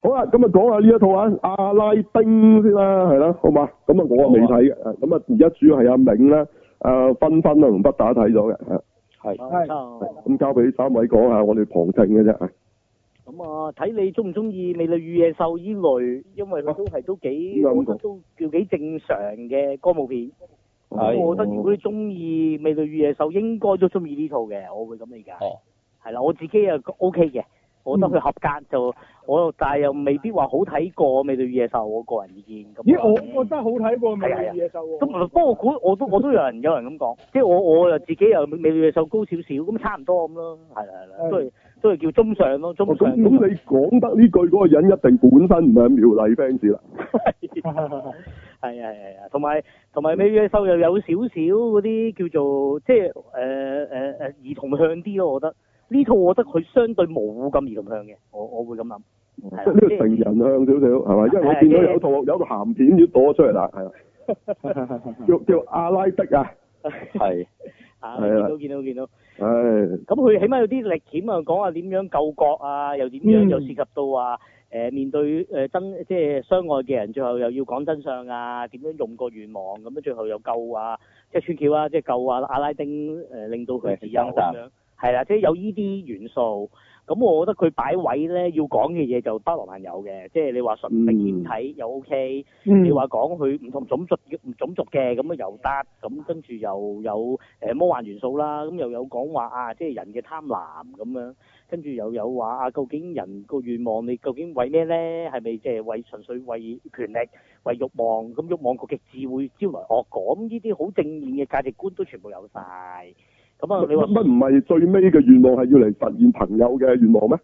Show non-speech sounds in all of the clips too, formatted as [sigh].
好啦、啊，咁啊講下呢一套啊，《阿拉丁》先、啊，先啦，係啦，好嘛？咁啊，我啊未睇嘅，咁、呃、啊，而家主要係阿銘啦，誒、啊，芬芬同不打睇咗嘅，係、啊，咁交俾三位講下，我哋旁聽嘅啫，咁啊，睇你中唔中意《美女與野獸》呢類？因為佢都係、啊、都幾麼麼都叫幾正常嘅歌舞片。啊、我覺得如果你中意《美女與野獸》，應該都中意呢套嘅，我會咁理解。係係啦，我自己啊 OK 嘅。我覺得佢合格、嗯、就我，但又未必話好睇過美女野獸，我個人意見咁。咦，我我覺得好睇過美女野獸喎。咁唔不過，我過、啊、我，我，我都我都有人 [laughs] 有人咁講，即係我我又自己又美女野獸高少少，咁差唔多咁咯，係啦係啦，都係都係叫中上咯，中上。咁咁、啊、你講得呢句嗰個人一定本身唔係苗麗 fans 啦。係啊係啊，同埋同埋美女野獸又有少少嗰啲叫做即係誒誒誒兒童向啲咯，我覺得。呢套我覺得佢相對冇咁兒童向嘅，我我會咁諗。係、嗯、成人向少少，係咪？因為我見到有套有一個咸片要攞出嚟啦，係啦。叫 [laughs] 叫阿拉丁啊，係。啊。見到見到見到。係。咁佢、哎、起碼有啲歷險啊，講下點樣救國啊，又點樣、嗯、又涉及到話、啊、誒、呃、面對誒真即係相愛嘅人，最後又要講真相啊，點樣用個願望咁樣，最後又救啊即係穿橋啊，即係救啊阿拉丁誒、呃、令到佢死生係啦，即係有呢啲元素，咁我覺得佢擺位咧要講嘅嘢就包羅萬有嘅，即係你話神秘現體又 OK，你話講佢唔同種族嘅種族嘅咁啊又得，咁跟住又有誒魔幻元素啦，咁又有講話啊即係人嘅貪婪咁樣，跟住又有話啊究竟人個願望你究竟為咩咧？係咪即係為純粹為權力、為慾望？咁慾望個極致會招嚟惡果，咁呢啲好正面嘅價值觀都全部有晒。咁啊，你話乜唔係最尾嘅願望係要嚟實現朋友嘅願望咩？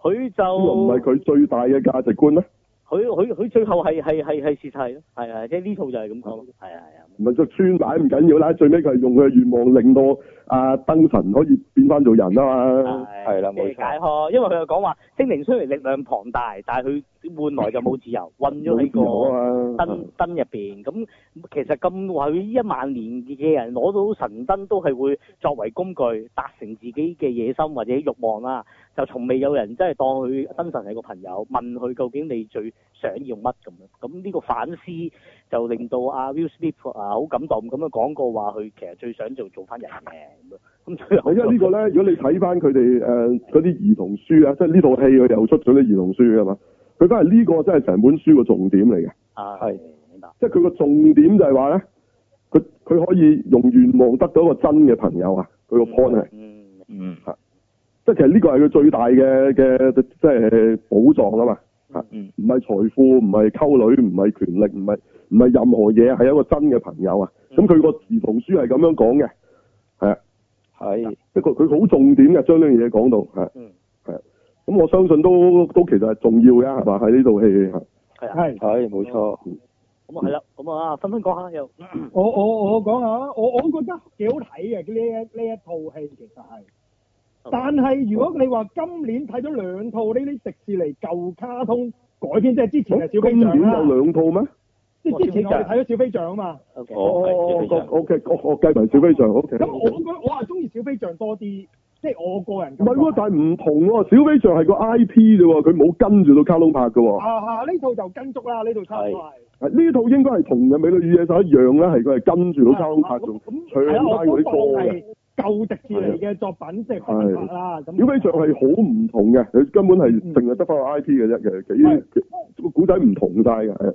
佢 [laughs] [laughs] 就唔係佢最大嘅價值觀咩？佢佢佢最後係係係係蝕曬咯，係啊，即係呢套就係咁講咯，係啊係啊。唔係做穿擺唔緊要啦，最尾佢係用佢嘅願望令到啊燈神可以變翻做人啊嘛，係啦冇錯。解開，因為佢又講話精靈雖然力量龐大，但係佢換來就冇自由，困咗喺個燈燈入邊。咁其實咁話，佢呢一萬年嘅人攞到神燈都係會作為工具，達成自己嘅野心或者慾望啦。就從未有人真係當佢真神係個朋友，問佢究竟你最想要乜咁樣？咁呢個反思就令到阿、啊、Will Smith 啊好感動咁樣講過話，佢其實最想做做翻人嘅咁樣。咁因為呢個咧，如果你睇翻佢哋誒嗰啲兒童書啊， [laughs] 即係呢套戲佢又出咗啲兒童書㗎嘛，佢反而呢個真係成本書個重點嚟嘅。啊，係，即係佢個重點就係話咧，佢佢可以用願望得到一個真嘅朋友啊，佢、嗯、個 point 係嗯嗯即係其實呢個係佢最大嘅嘅，即係寶藏啊嘛，吓，唔係財富，唔係溝女，唔係權力，唔係唔係任何嘢，係一個真嘅朋友、嗯、他的的啊。咁佢個兒童書係咁樣講嘅，係啊，係、嗯，即佢好重點嘅，將呢樣嘢講到，吓，係。咁我相信都都其實係重要嘅，係喺呢套戲，係啊，係、啊，冇錯。咁、嗯、啊係啦，咁啊分分講下又，我我我講下，我我，說說我，我覺得幾好睇嘅呢一呢一套戲，其實係。但係如果你話今年睇咗兩套呢啲迪士尼舊卡通改編，即係之前嘅小飛象，今年有兩套咩？即、哦、係之前我哋睇咗小飛象啊嘛。O K，我我我計埋小飛象。O K，咁我覺得我係中意小飛象、哦 OK, OK、多啲，即 [laughs] 係我個人。唔係喎，但係唔同喎。小飛象係個 I P 啫，佢冇跟住到卡通拍噶。啊啊！呢套就跟足啦，呢套卡通係。呢套應該係同嘅美女與野獸一樣咧，係佢係跟住到卡通拍做唱翻啲歌嘅。舊迪士尼嘅作品是即係方法啦，咁相比之下係好唔同嘅，佢根本係淨係得翻個 I P 嘅啫，啊嗯嗯、其實其個古仔唔同晒嘅，係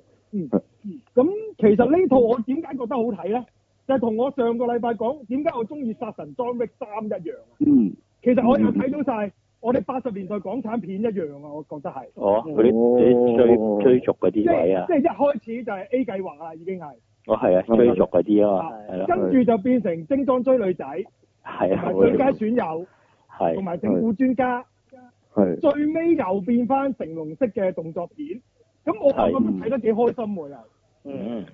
咁其實呢套我點解覺得好睇咧？就係、是、同我上個禮拜講點解我中意殺神 Donnie 三一樣、啊，嗯，其實我又睇到晒我哋八十年代港產片一樣啊，我覺得係哦，啲追、哦、追逐嗰啲位置啊，即即一開始就係 A 計劃啦，已經係哦，係啊，追逐嗰啲啊嘛、啊，跟住就變成精裝追女仔。係啊，最佳損友，係同埋整蠱專家，是是最尾又變翻成龍式嘅動作片，咁我咁睇得幾開心喎又，嗯，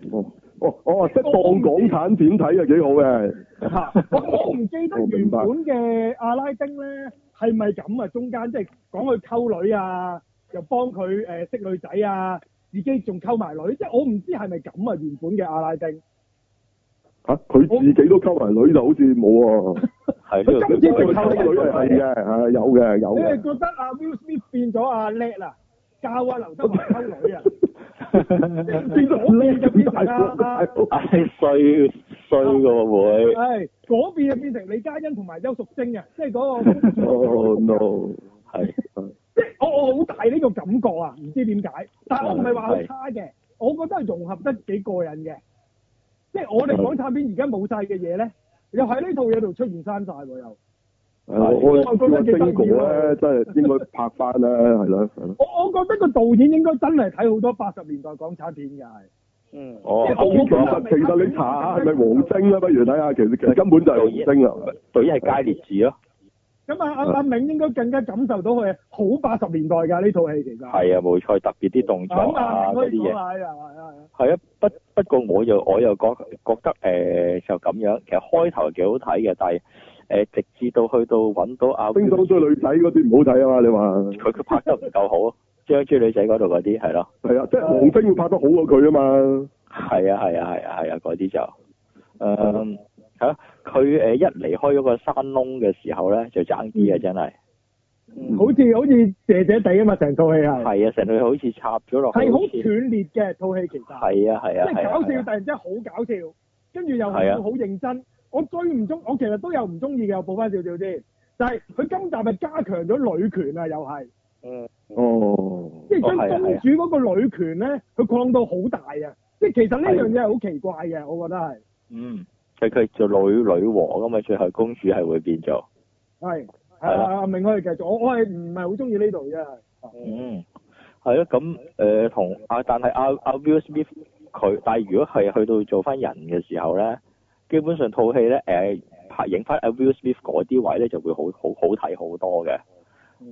哦，哦，適當港產片睇就幾好嘅。嚇，我唔記，記得原本嘅阿拉丁咧係咪咁啊？中間即係、就是、講佢溝女啊，又幫佢誒、呃、識女仔啊，自己仲溝埋女，即、就、係、是、我唔知係咪咁啊？原本嘅阿拉丁。佢、啊、自己都溝埋女就好似冇喎，係佢今次直頭溝女，係嘅係有嘅有。因為覺得阿 Will Smith 變咗阿叻啦，教阿劉德華溝女 [laughs] 啊，變咗叻咗變大個，衰衰噶喎，會係嗰邊就變成李嘉欣同埋邱淑貞啊。即係嗰個。Oh no！係即係我我好大呢個感覺啊，唔知點解，但係我唔係話佢差嘅， [laughs] [laughs] [laughs] [laughs] [laughs] 我覺得係融合得幾過癮嘅。即係我哋港產片而家冇曬嘅嘢咧，又喺呢套嘢度出現曬喎，又我我 [laughs] 我。我覺得幾得意啊！真係應該拍翻，我我覺得個導演應該真係睇好多八十年代港產片嘅係。嗯。哦。其實、啊、其實你查下係咪黃晶啊？不如睇下，其實其實根本就係黃晶啊！對，星係佳烈子咯。咁啊，阿、啊、阿、啊、明應該更加感受到佢好八十年代噶呢套戲，其實係啊，冇錯，特別啲動作啊嗰啲嘢，係、嗯、啊,啊，係啊，係啊，係啊,啊，不不過我又我又覺覺得誒、呃、就咁樣，其實開頭幾好睇嘅，但係誒、呃、直至到去到揾到阿冰刀追女仔嗰啲唔好睇啊嘛，你話佢佢拍得唔夠好，即刀追女仔嗰度嗰啲係咯，係啊,啊，即係王晶要拍得好過佢啊嘛，係啊，係啊，係啊，係啊，嗰啲、啊、就、嗯係啊，佢誒一離開嗰個山窿嘅時候咧，就爭啲啊，真係，好似、嗯、好似斜斜地啊嘛，成套戲啊，係啊，成套戲好似插咗落，去，係好斷裂嘅套戲，其實係啊係啊，即係、啊就是、搞笑，啊啊啊、突然之間好搞笑，跟住又係好認真。啊、我最唔中，我其實都有唔中意嘅，我補翻少少先。但係佢今集係加強咗女權啊，又係、嗯，哦，即係將公主嗰、啊啊那個女權咧，佢擴到好大啊！即、就、係、是、其實呢樣嘢係好奇怪嘅、啊，我覺得係，嗯。佢佢做女女王咁嘛，最後公主係會變做係，係啦，阿明可以繼續，我我係唔係好中意呢度啫。嗯，係咯，咁誒同但係阿阿 Will Smith 佢，但係如果係去到做翻人嘅時候咧，基本上套戲咧誒拍影翻阿 Will Smith 嗰啲位咧就會好好好睇好多嘅。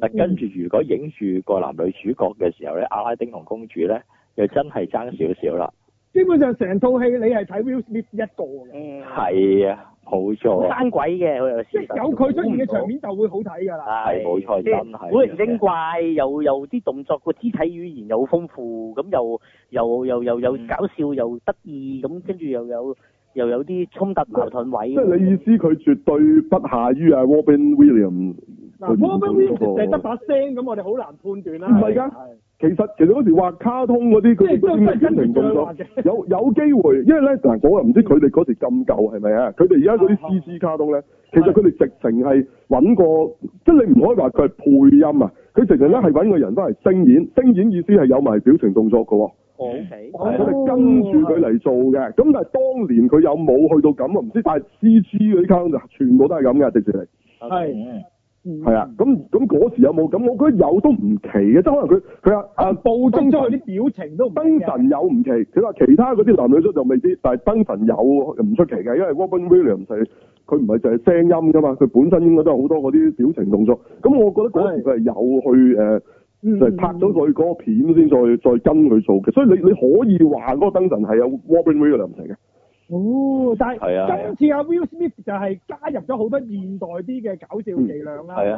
但跟住如果影住個男女主角嘅時候咧，阿拉丁同公主咧又真係爭少少啦。基本上成套戲你係睇 Will Smith 一個嘅，係啊，冇錯，生鬼嘅佢有，即係有佢出現嘅場面就會好睇㗎啦，係，冇錯，真係古靈精怪，又又有啲動作，個肢體語言又豐富，咁又又又又又搞笑又得意，咁跟住又有又有啲衝突矛盾位。即係你意思佢絕對不下於啊 Robin Williams。嗱，那個、我本身成成得把聲咁，我哋好難判斷啦。唔係㗎，其實其實嗰時畫卡通嗰啲，佢哋真係表情動作，有有機會。因為咧嗱，我又唔知佢哋嗰時咁舊係咪啊？佢哋而家嗰啲 CG 卡通咧，其實佢哋直情係揾個，即係你唔可以話佢係配音啊。佢直情咧係揾個人翻嚟聲演，聲演意思係有埋表情動作嘅。哦，我哋跟住佢嚟做嘅。咁但係當年佢有冇去到咁啊？唔知，但係 CG 嗰啲卡通就全部都係咁嘅，直情係。係、okay.。係、mm -hmm. 啊，咁咁嗰時有冇咁？我覺得有都唔奇嘅，即係可能佢佢話誒捕捉咗佢啲表情都唔奇嘅。燈神有唔奇，佢話其他嗰啲男女都就未知，但係燈神有又唔出奇嘅，因為 Robin Williams 唔佢唔係淨係聲音噶嘛，佢本身應該都有好多嗰啲表情動作。咁我覺得嗰時佢係有去誒、mm -hmm. 呃，就係、是、拍咗佢嗰個片先再再跟佢做嘅。所以你你可以話嗰個燈神係有 Robin Williams 唔成嘅。哦，但係今次阿 Will Smith 就係加入咗好多現代啲嘅搞笑伎倆啦，係、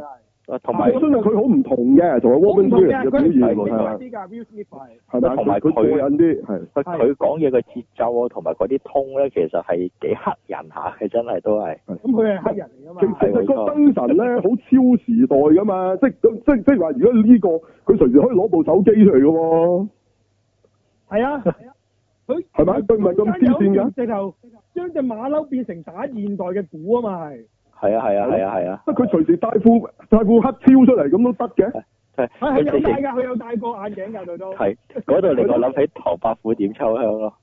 嗯、啊，同埋我相信佢好唔同嘅，同埋 Warren 嘅表演，係 Will 同埋佢個人啲，係，佢講嘢嘅節奏啊，同埋嗰啲通咧，其實係幾黑人下嘅，真係都係。咁佢係黑人嚟噶嘛？其實個燈神咧好超時代噶嘛，即係即即係話，即如果呢、這個佢隨時可以攞部手機嚟噶喎。係啊。佢係咪佢唔係咁黐線嘅？直頭將隻馬騮變成打現代嘅鼓啊嘛係？係啊係啊係啊係啊！佢隨、啊啊啊啊、時戴副，戴副黑超出嚟咁都得嘅。係佢有戴架，佢有戴過眼鏡噶，最多。係度令我諗起唐伯虎點秋香咯。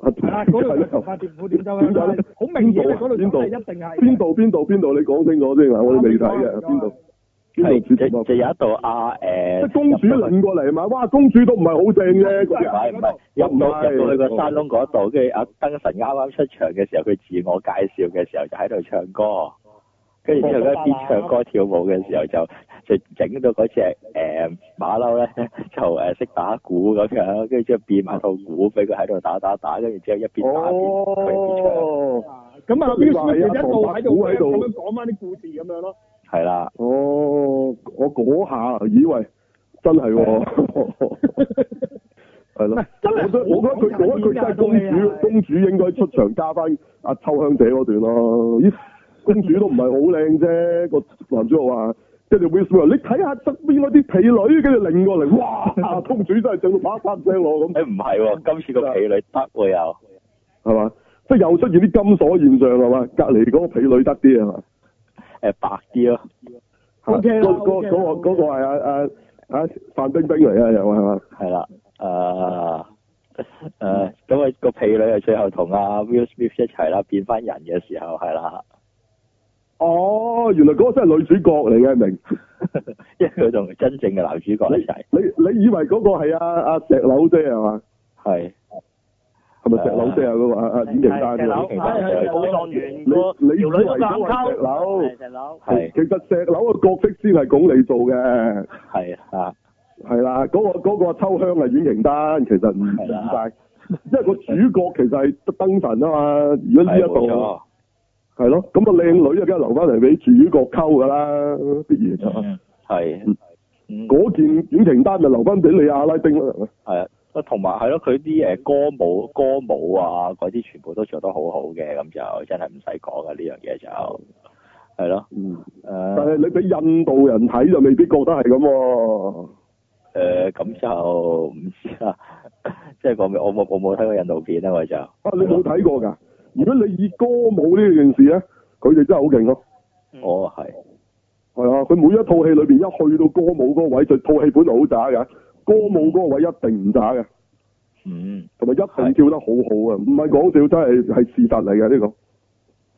嗱嗰係咧，唐伯虎點秋香。點解咧？好、啊、明顯嘅，嗰度邊度？一定係邊度？邊度？邊度？你講清楚先啊！我哋未睇嘅邊度。就就有一度阿、啊呃、公主撚過嚟嘛，哇！公主都唔係好正嘅，唔係入入到去個山窿嗰度。跟住阿燈神啱啱出場嘅時候，佢自我介紹嘅時候就喺度唱歌，跟住之後咧一邊唱歌，哦邊唱歌哦、跳舞嘅時候就就整到嗰隻誒馬騮咧就識打鼓咁樣，跟住之後就變埋套鼓俾佢喺度打打打，跟住之後一邊打一邊，一邊唱。咁、哦、啊一度喺度喺度講翻啲故事咁樣咯。係啦，哦、我我嗰下以為真係，係咯，真係、哦、 [laughs] [laughs] 我覺得我覺得佢嗰佢真係公主公主應該出場 [laughs] 加翻阿秋香姐嗰段咯，公主都唔係好靚啫，個男主角話啊，跟住 h i s s 話你睇下側邊嗰啲婢女，跟住擰過嚟，哇，公主真係正到八八聲咁，誒唔係，今次婢、啊、個婢女得喎又，係嘛，即係又出現啲金鎖現象，係嘛，隔籬嗰個婢女得啲係嘛。誒、啊，白啲咯，O K 嗰個、那個係阿、那個啊啊、范冰冰嚟啊，有係嘛？係啦，誒、呃、誒、咁、呃、啊、那個婢女係最後同阿 Will Smith 一齊啦，變翻人嘅時候係啦。哦，原來嗰個真係女主角嚟嘅，明？ [laughs] 因為佢同真正嘅男主角一齊。你你，你以為嗰個係阿阿石柳啫係嘛？係。係咪石樓先啊？嗰個啊啊，苑瓊丹啊，好型仔啊！你你石樓？係石樓，係其實石樓嘅角色先係講你做嘅。係啊，係啦，嗰、嗰個、嗰個秋香係苑瓊丹，其實唔講晒，因為個主角其實係燈神啊嘛。如果呢一度係咯，咁個靚女啊，梗係留翻嚟俾主角溝噶啦，必然就係。嗰件苑瓊丹就留翻俾你阿拉丁啦。係啊。同埋係咯，佢啲誒歌舞歌舞啊，嗰啲全部都做得好好嘅，咁、這個、就真係唔使講啊！呢樣嘢就係咯，嗯，但係你俾印度人睇就未必覺得係咁喎。誒、嗯、咁、嗯呃嗯、就唔知啦，即係講明我冇我冇睇過印度片啦，我就。啊！嗯、你冇睇過㗎？如果你以歌舞呢件事咧，佢哋真係好勁咯。哦，係。係啊，佢每一套戲裏面一去到歌舞嗰個位，就套戲本係好渣㗎。歌舞嗰個位一定唔差嘅，嗯，同埋一定跳得好好嘅，唔係講笑，真係係事實嚟嘅呢個，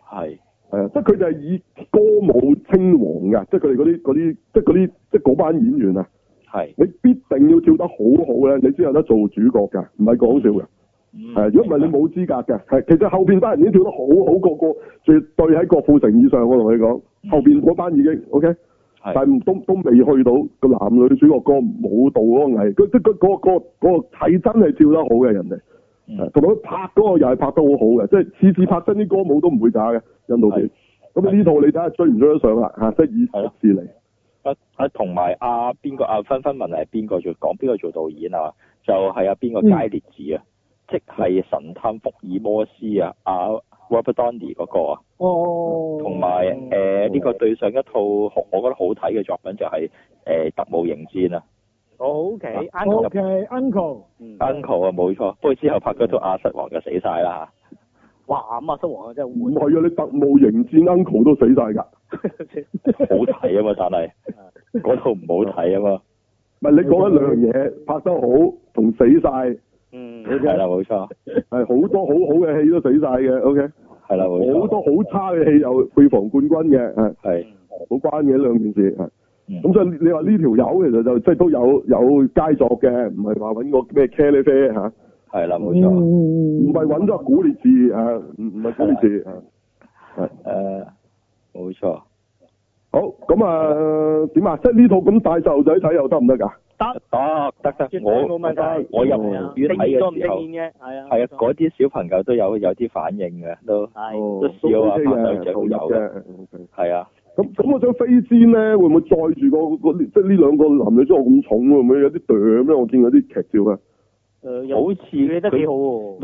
係，係、呃、啊，即係佢哋係以歌舞稱王嘅，即係佢哋嗰啲啲，即係嗰啲即係班演員啊，係，你必定要跳得好好咧，你先有得做主角噶，唔係講笑嘅，係、嗯，如果唔係你冇資格嘅，係、嗯，其實後邊班人已經跳得好好，個個絕對喺郭富城以上，我同你講，後邊嗰班已經、嗯、，OK。是但都都未去到個男女主角個舞蹈嗰個藝，佢即嗰嗰個真係跳得好嘅人嚟，同埋佢拍嗰個又係拍得好好嘅，即係次次拍新啲歌舞都唔會假嘅印度片。咁呢套你睇下追唔追得上啦嚇，即以迪士尼。同埋阿邊個阿芬芬文係邊個做講邊個做導演啊？就係阿邊個佳烈治啊，啊嗯、即係神探福爾摩斯啊！啊 Robert Downey 嗰個啊，同埋誒呢個對上一套，我覺得好睇嘅作品就係、是、誒、呃《特務迎戰》啊。O K，Uncle，O K，Uncle，Uncle 啊，冇、okay，嗯啊嗯啊嗯、錯。嗯、不過之後拍嗰套《亞瑟王》就死晒啦嚇。哇！咁亞瑟王啊，真係唔係啊？你《特務迎戰》Uncle、嗯、都死晒㗎， [laughs] 好睇啊嘛，但係嗰套唔好睇啊嘛。唔係你講一兩樣嘢拍得好同死晒。嗯，ok 係、mm. 啦，冇錯，係 [laughs] 好多好好嘅戲都死晒嘅。O K，係啦，冇錯，好多好差嘅戲又配防冠軍嘅，係係好關嘅兩件事、mm. fair，啊嗯。啊，咁所以你話呢條友其實就即係都有有佳作嘅，唔係話搵個咩茄喱啡吓，係啦，冇錯，唔係搵咗古烈治吓，唔係古烈治吓，係誒，冇錯。好，咁啊點啊？即係呢套咁大細路仔睇又得唔得噶？得得得得，我我我入院睇嘅時候，係啊，嗰啲小朋友都有有啲反應嘅，都、哦、都試過滑上油嘅，係啊。咁咁、嗯嗯 okay。嗯嗯嗯嗯嗯、我想飛氈咧，會唔會載住、嗰個即係呢兩個男女主角咁重喎？會唔會有啲嗲咩？我見嗰啲劇照嘅。得好似咧，幾好，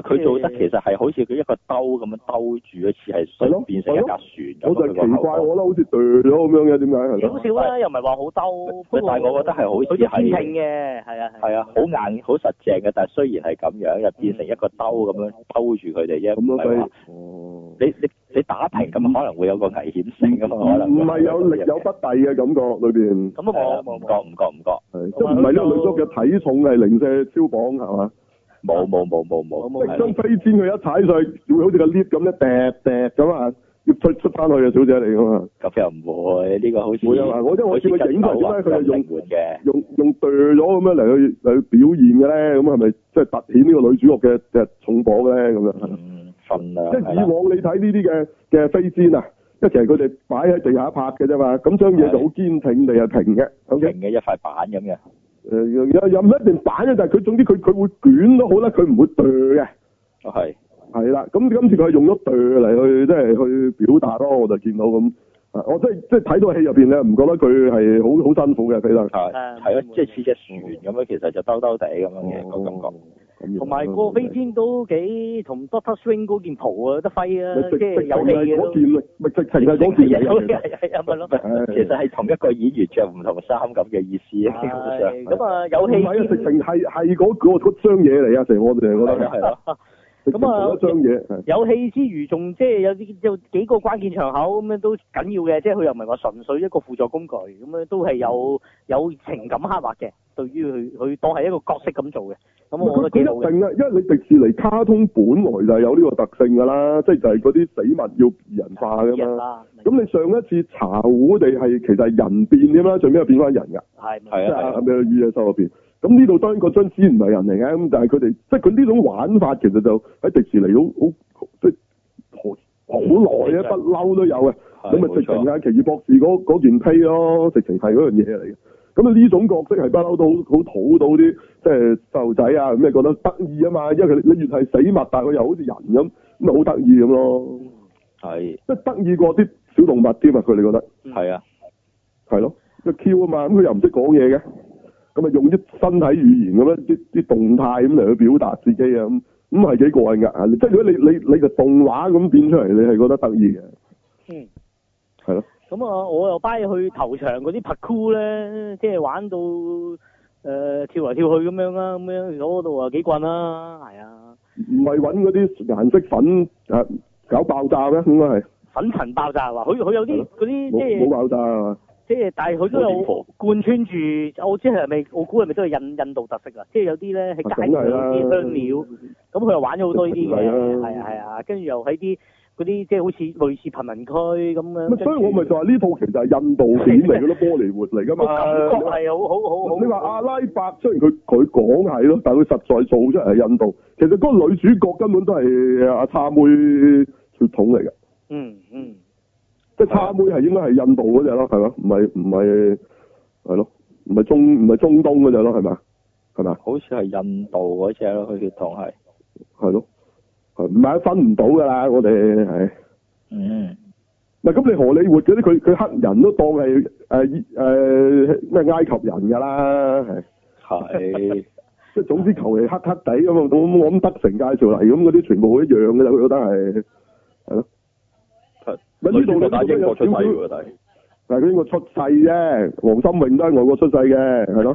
佢做得其實係好似佢一個兜咁樣兜住，一似係水變成一架船咁樣。我奇怪這像我覺得好似對咗咁樣嘅點解？好少啦，又唔係話好兜。不但係我覺得係好似好堅嘅，係啊係。係啊，好硬，好、嗯、實淨嘅。但係雖然係咁樣，又、嗯、變成一個兜咁樣兜住佢哋，一唔係話。咁啊佢哦，你你。你打平咁可能會有個危險性噶嘛，唔、啊、係有、啊、有力有不逮嘅感覺裏邊。咁啊，唔覺唔覺唔覺。即係唔係呢個女主角嘅體重係零舍超磅係嘛？冇冇冇冇冇。即係將飛氈佢一踩上去，會好似個 lift 咁一掟掟咁啊，要出出翻去啊，小姐你啊嘛。咁又唔會呢、呢個好似。會啊，因我覺得我似佢整個咧，佢係用換嘅，用用墮咗咁樣嚟去嚟表現嘅咧。咁係咪即係凸顯呢個女主角嘅嘅重磅咧？咁樣。即係以往你睇呢啲嘅嘅飛仙啊，即係其實佢哋擺喺地下拍嘅啫嘛，咁張嘢就好堅挺，地又平嘅，OK? 平嘅一塊板咁嘅。誒又又唔一定板嘅，但係佢總之佢佢會捲都好啦，佢唔會墜嘅。係、哦。係啦，咁今次佢係用咗墜嚟去，即係去表達咯。我就見到咁。我即係即係睇到戲入邊咧，唔覺得佢係好好辛苦嘅飛行架。係咯，即係似隻船咁樣，其實就兜兜地咁樣嘅個感覺。嗯嗯嗯同埋個飛天都幾同 Doctor Strange 嗰件袍啊，得輝啊，即係有戲嘅都。唔係，其實嗰件係，係係咪咯？其實係同一個演員着唔同衫咁嘅意思，基、哎、咁、哎、啊，有戲。唔啊，成係係嗰嗰嗰張嘢嚟啊，成、那個、我哋覺得係啦。咁、嗯、啊，有一張嘢，有氣、嗯、之餘，仲即係有啲有幾個關鍵場口咁樣都緊要嘅，即係佢又唔係話純粹一個輔助工具，咁樣都係有、嗯、有情感刻畫嘅。對於佢佢當係一個角色咁做嘅，咁我覺得幾好嘅。定嘅，因為你迪士尼卡通本來就有呢個特性㗎啦，即係就係嗰啲死物要人化㗎嘛。咁你上一次茶壺你係其實係人變㗎嘛，最尾又變返人㗎。係。咪？係啊。即係俾佢與野獸嗰邊。咁呢度當然個殭屍唔係人嚟嘅，咁但係佢哋即係佢呢種玩法其實就喺迪士尼好好即係好耐啊，不嬲都有嘅。咁啊，直情啊奇異博士嗰嗰段批咯，直情係嗰樣嘢嚟嘅。咁啊呢種角色係不嬲都好好討到啲即係細路仔啊，咁你覺得得意啊嘛？因為佢你越係死物，但係佢又好似人咁，咁咪好得意咁咯。係即係得意過啲小動物添啊。佢你覺得係啊？係咯，即 Q 啊嘛，咁佢又唔識講嘢嘅。咁啊用啲身體語言咁樣，啲動態咁嚟去表達自己啊，咁咁係幾過癮噶啊，即係如果你你你個動畫咁變出嚟，你係覺得得意嘅。係、嗯、咯。咁我又 by 去頭場嗰啲 parkour 呢，即係玩到誒、呃、跳嚟跳去咁樣啦，咁樣嗰度啊幾棍啦，係啊。唔係揾嗰啲顏色粉、啊、搞爆炸咩？應該係。粉塵爆炸係佢佢有啲嗰啲即係。冇、就是、爆炸、啊即係，但係佢都有貫穿住，我知係咪？我估係咪都係印印度特色啊！即、就、係、是、有啲咧喺街上面香料，咁佢、啊、又玩咗好多呢啲嘢，係啊，係啊，啊，啊，跟住又喺啲嗰啲即係好似類似貧民區咁樣。所以我咪就話呢套其實係印度片嚟嘅咯， [laughs] 波里活嚟嘅嘛，感覺係、嗯、好好好，好，好。你話阿拉伯雖然佢佢講係咯，但係佢實在做出嚟係印度。其實嗰個女主角根本都係阿、啊、叉妹血統嚟嘅。嗯嗯。即係差妹係應該係印度嗰隻咯，係嘛？唔係唔係係咯？唔係中唔係中東嗰隻咯，係嘛？係嘛？好似係印度嗰隻咯，佢血統係係咯，唔係分唔到噶啦，我哋係。嗯。係咁你荷里活嗰啲佢佢黑人都當係誒誒咩埃及人噶啦係。係。即係 [laughs] 總之求其黑黑地咁嘛，我諗得成介紹嚟咁嗰啲全部一樣噶咋，佢覺得係。呢度就打英國出世喎，但係佢英國出世啫，黃心穎都係外國出世嘅，係咯，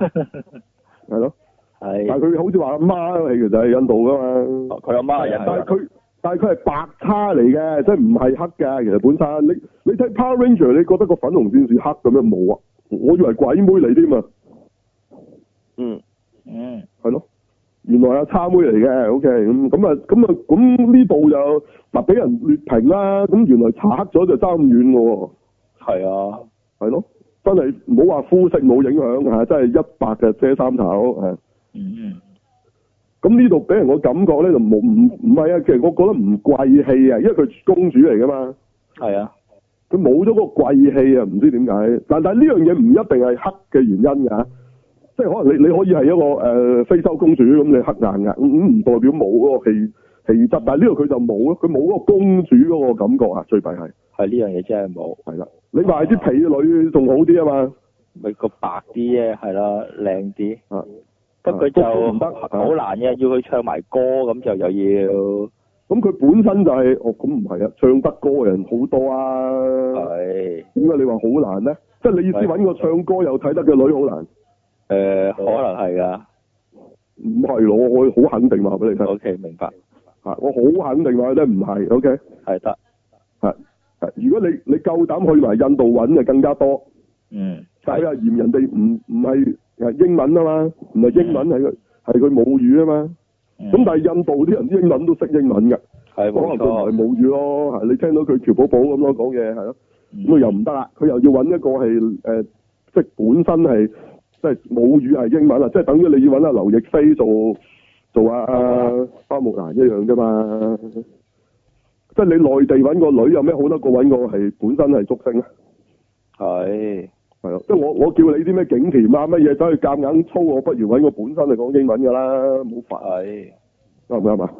係咯，但係佢好似話阿媽其實就係印度噶嘛，佢阿媽，媽係但係佢但係佢係白叉嚟嘅，即係唔係黑嘅，其實本身你你睇《Power Ranger》，你覺得個粉紅戰士黑咁樣冇啊？我以為是鬼妹嚟添啊，嗯嗯，係咯。原來阿差妹嚟嘅，OK，咁咁啊咁啊咁呢部就嗱俾、啊、人劣評啦，咁原來搽黑咗就爭咁遠嘅喎。係啊，係咯，真係唔好話膚色冇影響嚇、啊，真係一白嘅遮三醜、嗯嗯。嗯。咁呢度俾人我感覺咧就冇唔唔係啊，其實我覺得唔貴氣啊，因為佢公主嚟噶嘛。係啊。佢冇咗個貴氣啊，唔知點解。但但呢樣嘢唔一定係黑嘅原因㗎。嗯。即係可能你你可以係一個誒、呃、非洲公主咁，你黑眼眼咁唔、嗯、代表冇嗰個氣氣質，但係呢個佢就冇咯，佢冇嗰個公主嗰個感覺啊，最弊係係呢樣嘢真係冇係啦。你賣啲婢女仲好啲啊嘛，咪個白啲嘅係啦，靚啲啊。咁佢、啊、就唔得好難嘅、啊，要佢唱埋歌咁就又要咁佢本身就係、是、哦，咁唔係啊，唱得歌嘅人好多啊，係點解你話好難咧？即係你意思揾個唱歌又睇得嘅女好難？誒、呃，可能係噶，唔係我我好肯定話俾你聽。O、okay, K，明白。啊，我好肯定話俾你聽，唔係。O K，係得。係係，如果你你夠膽去埋印度搵，就更加多。嗯。睇下嫌人哋唔唔係誒英文啊嘛，唔、嗯、係英文係佢係佢母語啊嘛。咁、嗯、但係印度啲人啲英文都識英文嘅，係冇錯。係母語咯，係、嗯、你聽到佢喬寶寶咁咯講嘢係咯，咁啊、嗯、又唔得啦，佢又要搵一個係誒，即、呃、係本身係。即係母語係英文，即是等你要找飛做做啊！即係等於你要揾阿劉亦菲做做啊阿花木蘭一樣啫嘛！ [laughs] 即係你內地揾個女有咩好得過揾個係本身係足星咧？係係咯，即係我我叫你啲咩景甜啊乜嘢走去夾硬抽，我不如揾個本身就講英文噶啦，冇法啊！啱唔啱啊？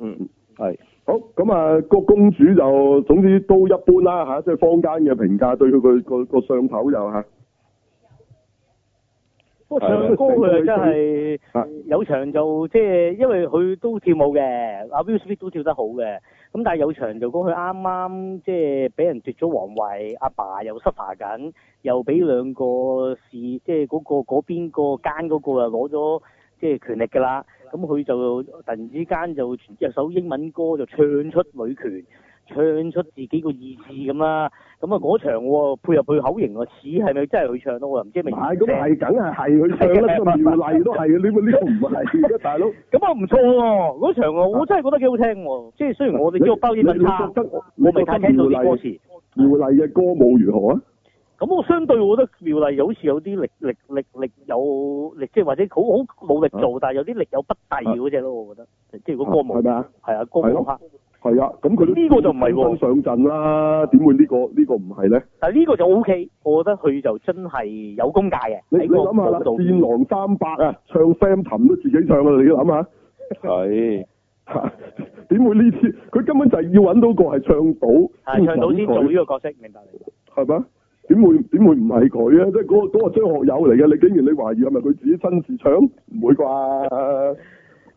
嗯，係好咁啊！個公主就總之都一般啦吓、啊，即係坊間嘅評價對佢個個個上頭又吓。啊唱歌佢真係有場就即係，因為佢都跳舞嘅，阿 Will Smith 都跳得好嘅。咁但係有場就講佢啱啱即係俾人奪咗皇位，阿爸，爸又失查緊，又俾兩個市，即係嗰個嗰邊，嗰個奸嗰個又攞咗即係權力㗎啦。咁佢就突然之間就有首英文歌就唱出女權。唱出自己個意志咁啦，咁啊嗰場配合配合口型嘅啊，似係咪真係佢唱咯？我又唔知明。係咁係，梗係係佢唱啦。啊茉莉都係啊，你咪呢個唔係，大佬。咁啊唔錯喎，嗰場我真係覺得幾好聽喎。即係雖然我哋只係包煙份卡。我未聽過啲歌詞。茉莉嘅歌舞如何啊？咁我相對我覺得茉莉好似有啲力力力力有力，即係或者好好冇力做，啊、但係有啲力有不逮嗰隻咯，我覺得。即係如果歌舞係啊，啊？歌舞係、這個、啊，咁佢、這個這個、呢個就唔係喎，上陣啦，點會呢個呢個唔係咧？但呢個就 O K，我覺得佢就真係有功界嘅。你你諗下啦，《戰狼三百啊，唱 sam 譚都自己唱啦，你諗下，係嚇，點 [laughs] 會呢次？佢根本就要搵到個係唱到，係唱到先做呢個角色，明白你係嘛？點會點會唔係佢啊？ [laughs] 即係嗰、那個嗰、那個張學友嚟嘅。你竟然你懷疑係咪佢自己親自唱？唔會啩？ [laughs]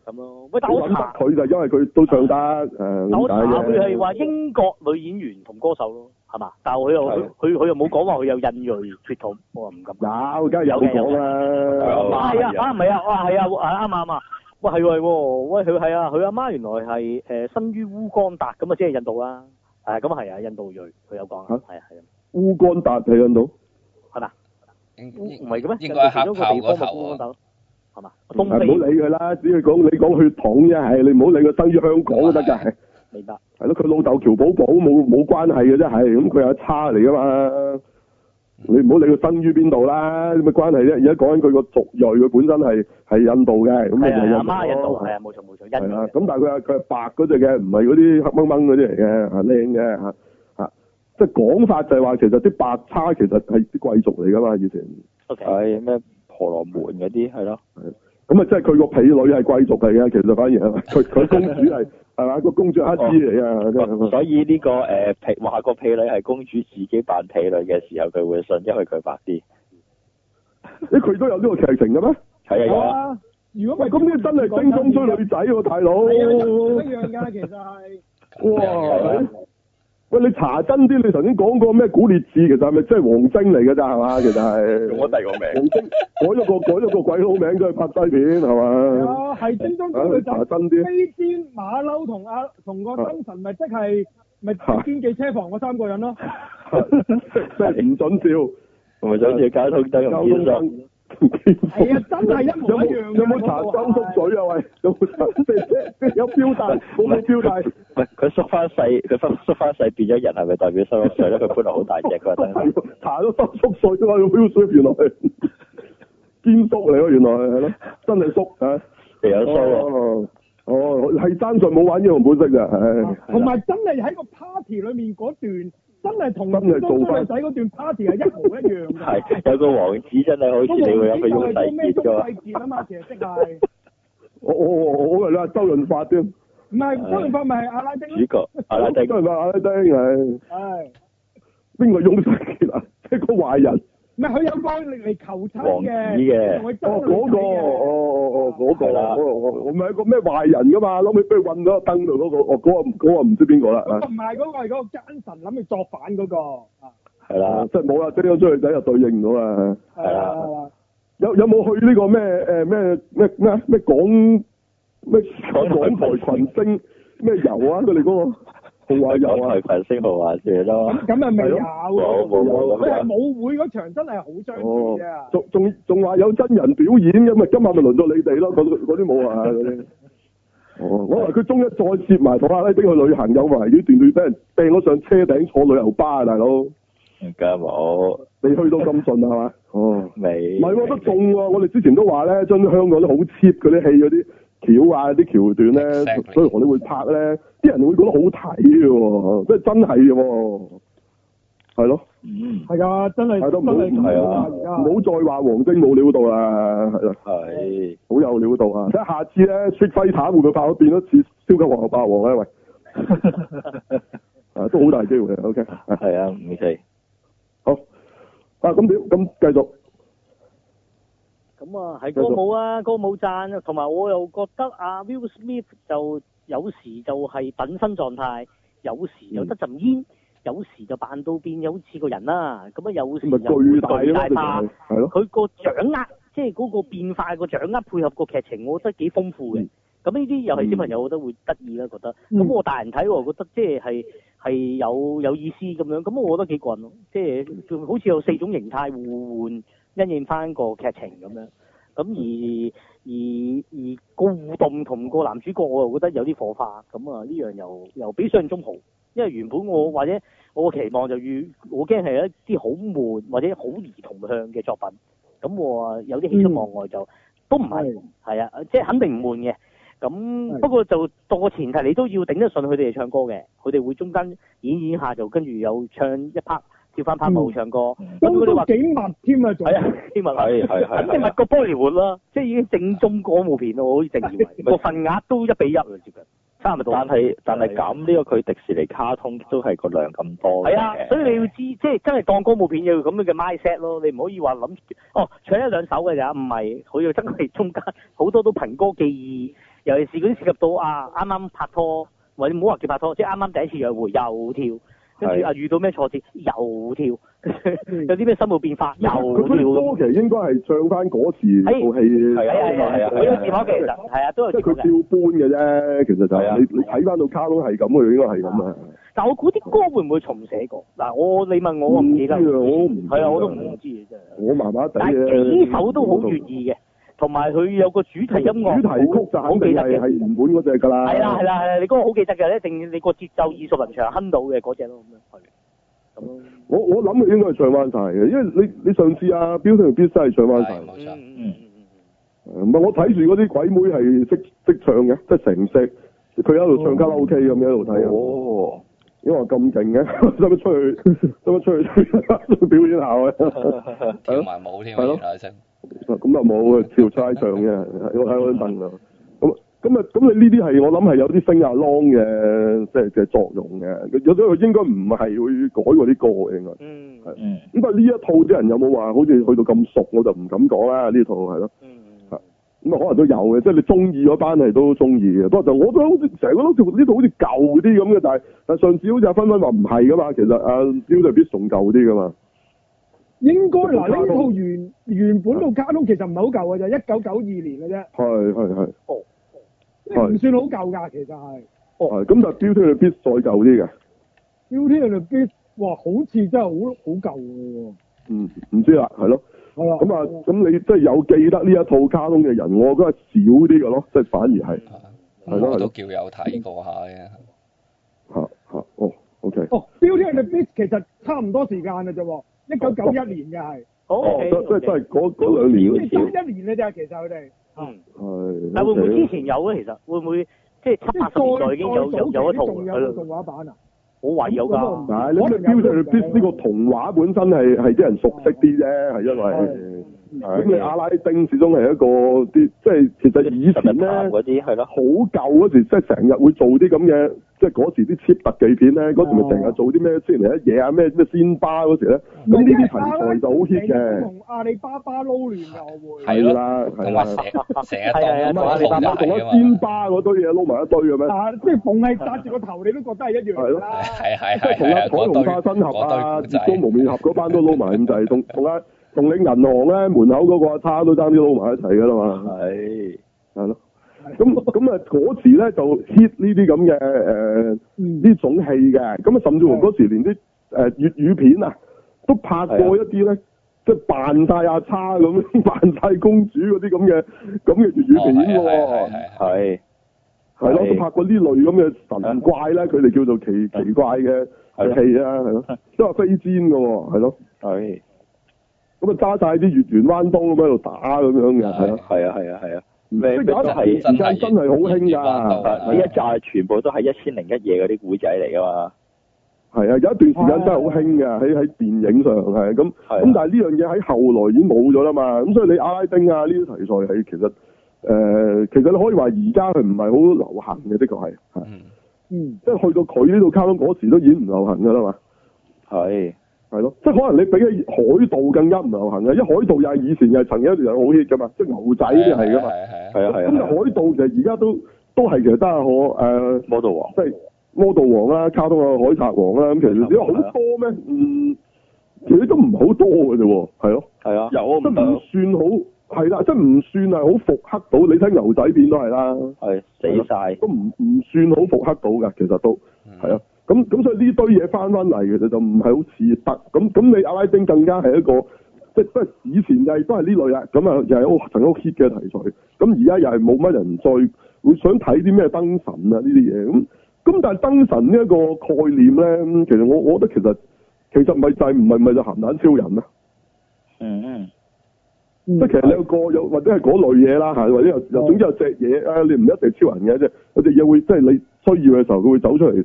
咁咯，喂，但係我查佢就因為佢都唱得，誒，但我查佢係話英國女演員同歌手咯，係嘛？但我佢又佢佢又冇講話佢有印裔血統，我話唔敢講。有梗係有啦，係啊，啊唔係啊，哇係啊，係啱啊啱啊，喂，係喎，喂，佢係啊，佢阿媽原來係誒生於烏干達，咁啊即係印度啦。誒咁啊係啊，印度裔佢有講啊，係係啊，烏干達係印度，係嘛？唔係嘅咩？應該係另一個地方嘅烏干達。係嘛？唔好理佢啦，只係講你講血統啫，係你唔好理佢生於香港都得噶，係明白。係咯，佢老豆喬寶寶冇冇關係嘅啫，係咁佢係差嚟噶嘛。你唔好理佢生於邊度啦，咩關係啫？而家講緊佢個族裔，佢本身係係印度嘅，咁咪就係係係印度咯。係啊，冇錯冇錯咁但係佢啊佢係白嗰隻嘅，唔係嗰啲黑掹掹嗰啲嚟嘅，啊靚嘅吓吓。即係講法就係話，其實啲白差其實係啲貴族嚟噶嘛，以前。係、okay. 咩？婆羅門嗰啲係咯，咁啊，即係佢個婢女係貴族嚟嘅，其實反而佢佢公主係係嘛個公主黑絲嚟啊，所以呢、這個誒，話個婢女係公主自己扮婢女嘅時候，佢會信，因為佢白啲。佢都有呢個劇情嘅咩？係啊，如果唔係咁，呢真係精裝追女仔喎、啊，大佬。一樣噶，其實係。哇！你查真啲，你頭先講過咩古烈志，其實係咪即係王晶嚟㗎？咋，係嘛？其實係我第二個，個名，改咗個改咗個鬼佬名佢去拍西片，係嘛？係真係精裝。查真啲，飛天馬騮同阿同個精神，咪即係咪《天嘅、就是就是、車房》嗰三個人咯？ [laughs] [laughs] [laughs] 即係唔准笑、啊，同埋就好似交通係啊、哎，真係一模一樣。有冇搽收縮水啊？喂， [laughs] 有冇有飄帶？咩冇飄帶。喂，佢縮翻細，佢縮縮翻細變咗人，係咪代表收縮 [laughs] 水咧？佢搬落好大隻，佢話真係。搽咗收縮水啊！嘛，要漂水原落去，堅縮嚟，咯，原來係咯，真係縮吓。有收啊！哦、啊，係單純冇玩英雄本色咋，唉、啊。同埋真係喺個 party 裏面嗰段。真係同啊，嗰仔嗰段 party 係一模一樣係 [laughs] 有個王子真係好似你會有個勇士傑啊嘛， [laughs] 其實即係，我我我我係周潤發啫。唔 [laughs] 係周潤發咪阿拉丁主角阿拉丁， [laughs] 是阿拉丁係。係，邊個勇士傑啊？一個壞人。唔係佢有功力嚟求親嘅，哦嗰個，哦哦哦嗰個啦，嗰個我，我唔係一個咩壞人噶嘛，諗起俾佢暈咗燈度嗰個，哦嗰個嗰個唔知邊個啦。唔係嗰個係嗰個奸臣，諗住作反嗰個。係啦，即係冇啦，追、嗰個嗰個嗯、有出女仔就對應咗啦。係啊，有有冇去呢個咩誒咩咩咩咩港咩港台群星咩遊啊？佢哋嗰個？佢話有、啊、台群星號還是咯，咁咁未有舞、啊那個、會嗰、啊、場真係好張仲仲仲話有真人表演，咁咪今日咪輪到你哋咯，嗰啲舞啊嗰啲。哦，我話佢中一再接埋同阿拉丁去旅行，有埋啲段階段畀人，掟我上車頂坐旅遊巴啊，大佬。家冇，未去到咁順係嘛？ [laughs] 哦，未。唔係、啊，都仲、啊啊、我哋之前都話咧，將香港啲好 cheap 嗰啲戲嗰啲。橋啊啲橋段咧，Exactly. 所以我都會拍咧，啲人會覺得好睇嘅，啊，即係真係嘅，係咯，係啊，mm -hmm. 是的真係，係都唔好唔好再話王晶冇料到啦，係啦，係，好有料到啊！睇下次咧，雪廢坦會唔會爆變一次超級王后霸王咧？喂， [laughs] [laughs] 啊，都好大機會嘅，O K，係啊，O K， [laughs] 好，啊咁咁，咁繼續。咁、嗯、啊，係歌舞啊，歌舞贊，同埋我又覺得阿、啊、Will Smith 就有時就係燈神狀態，有時有得陣煙，有時就扮到變有好似個人啦、啊。咁、嗯、啊、嗯嗯嗯嗯嗯，有時巨大化，佢個、嗯、掌握即係嗰個變化個掌握配合個劇情，我覺得幾豐富嘅。咁呢啲又係小朋友我覺得會得意啦，覺得。咁、嗯、我大人睇喎，覺得即係係有有意思咁樣。咁我覺得幾過癮咯，即係好似有四種形態互換，因應翻個劇情咁樣，咁而而而個互動同個男主角，我又覺得有啲火花，咁啊呢樣又又比上中好，因為原本我或者我嘅期望就預，我驚係一啲好悶或者好兒童向嘅作品，咁我有啲喜出望外就都唔係，係、嗯、啊，即係肯定唔悶嘅，咁不過就當個前提，你都要頂得順佢哋唱歌嘅，佢哋會中間演演下就跟住又唱一 part。跳翻拍舞唱歌，咁、嗯嗯、都幾密添啊？係啊，希望啊！係，係，係，即係密個寶萊塢啦，即係已經正宗歌舞片咯，好似正證明。個份、啊、額都一比一啊，近差唔多。但係但係咁呢個佢迪士尼卡通都係個量咁多。係啊，所以你要知，即係、啊就是、真係當歌舞片要咁樣嘅 mindset 咯，你唔可以話諗哦唱一兩首嘅咋，唔係佢又真係中間好多都憑歌寄意，尤其是嗰啲涉及到啊啱啱拍拖，或者唔好話叫拍拖，即係啱啱第一次約會又跳。跟住啊，遇到咩挫折又跳，哈哈，有啲咩生活變化 [laughs] 又跳。佢歌其實應該係唱翻嗰時部戲嘅，係啊係啊，我要試下其實係啊都有即係佢跳搬嘅啫，其實就係、是、你你睇翻到卡佬係咁佢應該係咁啊。但我估啲歌會唔會重寫過？嗱，我你問我，我唔記得。嗯嗯、我唔知啊，我係啊、嗯，我都唔知嘅。真、嗯、係。我麻麻地嘅。但係呢首都好願意嘅。同埋佢有個主題音樂，那個、主題曲就肯定係係原版嗰隻㗎啦。係啦係啦係啦，你嗰個好記得嘅咧，定你個節奏耳熟能詳哼到嘅嗰隻咯咁樣，係。咁咯。我我諗佢應該係上翻曬嘅，因為你，你上次啊，Beast《Beautiful》必須係上翻曬。係冇錯。嗯嗯嗯嗯嗯。唔、嗯、係，我睇住嗰啲鬼妹係識識唱嘅，即係成識。佢喺度唱卡拉 OK 咁樣喺度睇因為咁勁嘅，使唔使出去？使唔使出去？表演下嘅， [laughs] 跳埋舞添，係咯，咁啊冇跳街舞嘅。喺 [laughs] 我啲凳度咁咁啊咁你呢啲係我諗係有啲聲亞 long 嘅，即係嘅作用嘅。有咗佢應該唔係會改過啲歌嘅應該。嗯。係。咁啊呢一套啲人有冇話好似去到咁熟？我就唔敢講啦。呢套係咯。咁可能都有嘅，即係你中意嗰班係都中意嘅。不過就我都好似成日都覺得好似呢度好似舊啲咁嘅，但係上次好似阿分分話唔係㗎嘛，其實阿 Bill 就必仲舊啲㗎嘛。應該嗱，呢套原原本套卡通其實唔係好舊嘅啫，一九九二年嘅啫。係係係。哦。係。唔算好舊㗎，其實係。哦。咁、嗯，但係 Bill 就必再舊啲嘅。Bill 就必哇，好似真係好好舊喎。哦。嗯，唔知啊，係咯。係咁啊，咁你即係有記得呢一套卡通嘅人，我覺得少啲嘅咯，即係反而係，係咯，都叫有睇過下嘅。嚇、啊、嚇、啊，哦，OK 哦。哦 Beauty and the Beast 其實差唔多時間咋啫，一九九一年嘅係。哦，okay, 即係即係嗰嗰兩年。即係三、嗰個、一年嘅啫、嗯，其實佢哋。嗯。係。但會唔會之前有咧、嗯？其實、嗯嗯、會唔會即係七八十年代已經有有有一套嘅？係動畫版啊。好，唯有噶嗱，呢個標題呢個童話本身係係啲人熟悉啲啫，係因為。咁你阿拉丁始終係一個啲，即係其實以前咧，嗰啲係咯，好舊嗰時，即係成日會做啲咁嘅，即係嗰時啲 cheap 特技片咧，嗰、哦、時咪成日做啲咩先嚟一嘢啊咩咩仙巴嗰時咧，咁呢啲題材就好 hit 嘅，同阿里巴巴撈聯又會，係咯，同埋成日啊，同阿阿里巴巴、同阿仙巴嗰堆嘢撈埋一堆咁樣，即、啊、係、就是、逢係揸住個頭，你都覺得係一樣啦，係係係，即係同阿彩虹沙新合啊、鐵公無面俠嗰班都撈埋咁滯，同同、啊同你銀行咧門口嗰個阿叉都爭啲撈埋一齊嘅啦嘛，係係咯，咁咁啊嗰時咧就 hit 呢啲咁嘅誒呢種戲嘅，咁啊甚至乎嗰時連啲誒粵語片啊都拍過一啲咧，即係扮晒阿叉咁，扮晒公主嗰啲咁嘅咁嘅粵語片嘅喎，係係係，係咯，都拍過呢類咁嘅神怪咧，佢哋叫做奇奇怪嘅戲啦，係咯，都話飛尖嘅喎，係咯，係。佢揸晒啲月圓彎刀咁喺度打咁樣嘅，係咯，係啊，係啊，係啊，所以而家而家真係好興㗎，呢一紮全部都係一千零一夜嗰啲古仔嚟㗎嘛。係啊，有一段時間真係好興㗎，喺喺電影上係咁咁，但係呢樣嘢喺後來已經冇咗啦嘛。咁所以你阿拉丁啊呢啲題材係其實誒、呃，其實你可以話而家佢唔係好流行嘅，的確係，即係、嗯、去到佢呢度卡通嗰時都已經唔流行㗎啦嘛。係。係咯，即係可能你比起海盜更加唔流行啊！因為海盜又係以前又係曾經一段好熱噶嘛，即係牛仔啲係噶嘛，係啊係啊，咁啊海盜就而家都都係其實得阿我誒魔道王，即係魔道王啦，卡通啊海賊王啦，咁其實有好多咩？嗯，其實都唔好多嘅啫，係咯，係啊，真有啊，唔算好係啦，即係唔算係好復刻到，你睇牛仔片都係啦，係死晒、啊，都唔唔算好復刻到噶，其實都係啊。咁咁，所以呢堆嘢翻翻嚟，其實就唔係好似得咁。咁你阿拉丁更加係一個即係、就係、以前就係都係呢類啦。咁啊又係好神好 hit 嘅題材。咁而家又係冇乜人再會想睇啲咩燈神啊呢啲嘢咁。咁但係燈神呢一個概念咧，其實我我覺得其實其實咪就唔係唔係就係鹹蛋超人啊。嗯，即、嗯、係其實你有個有，或者係嗰類嘢啦，或者又總之有隻嘢啊，你唔一定超人嘅啫。有隻嘢會即係、就係、你需要嘅時候，佢會走出嚟。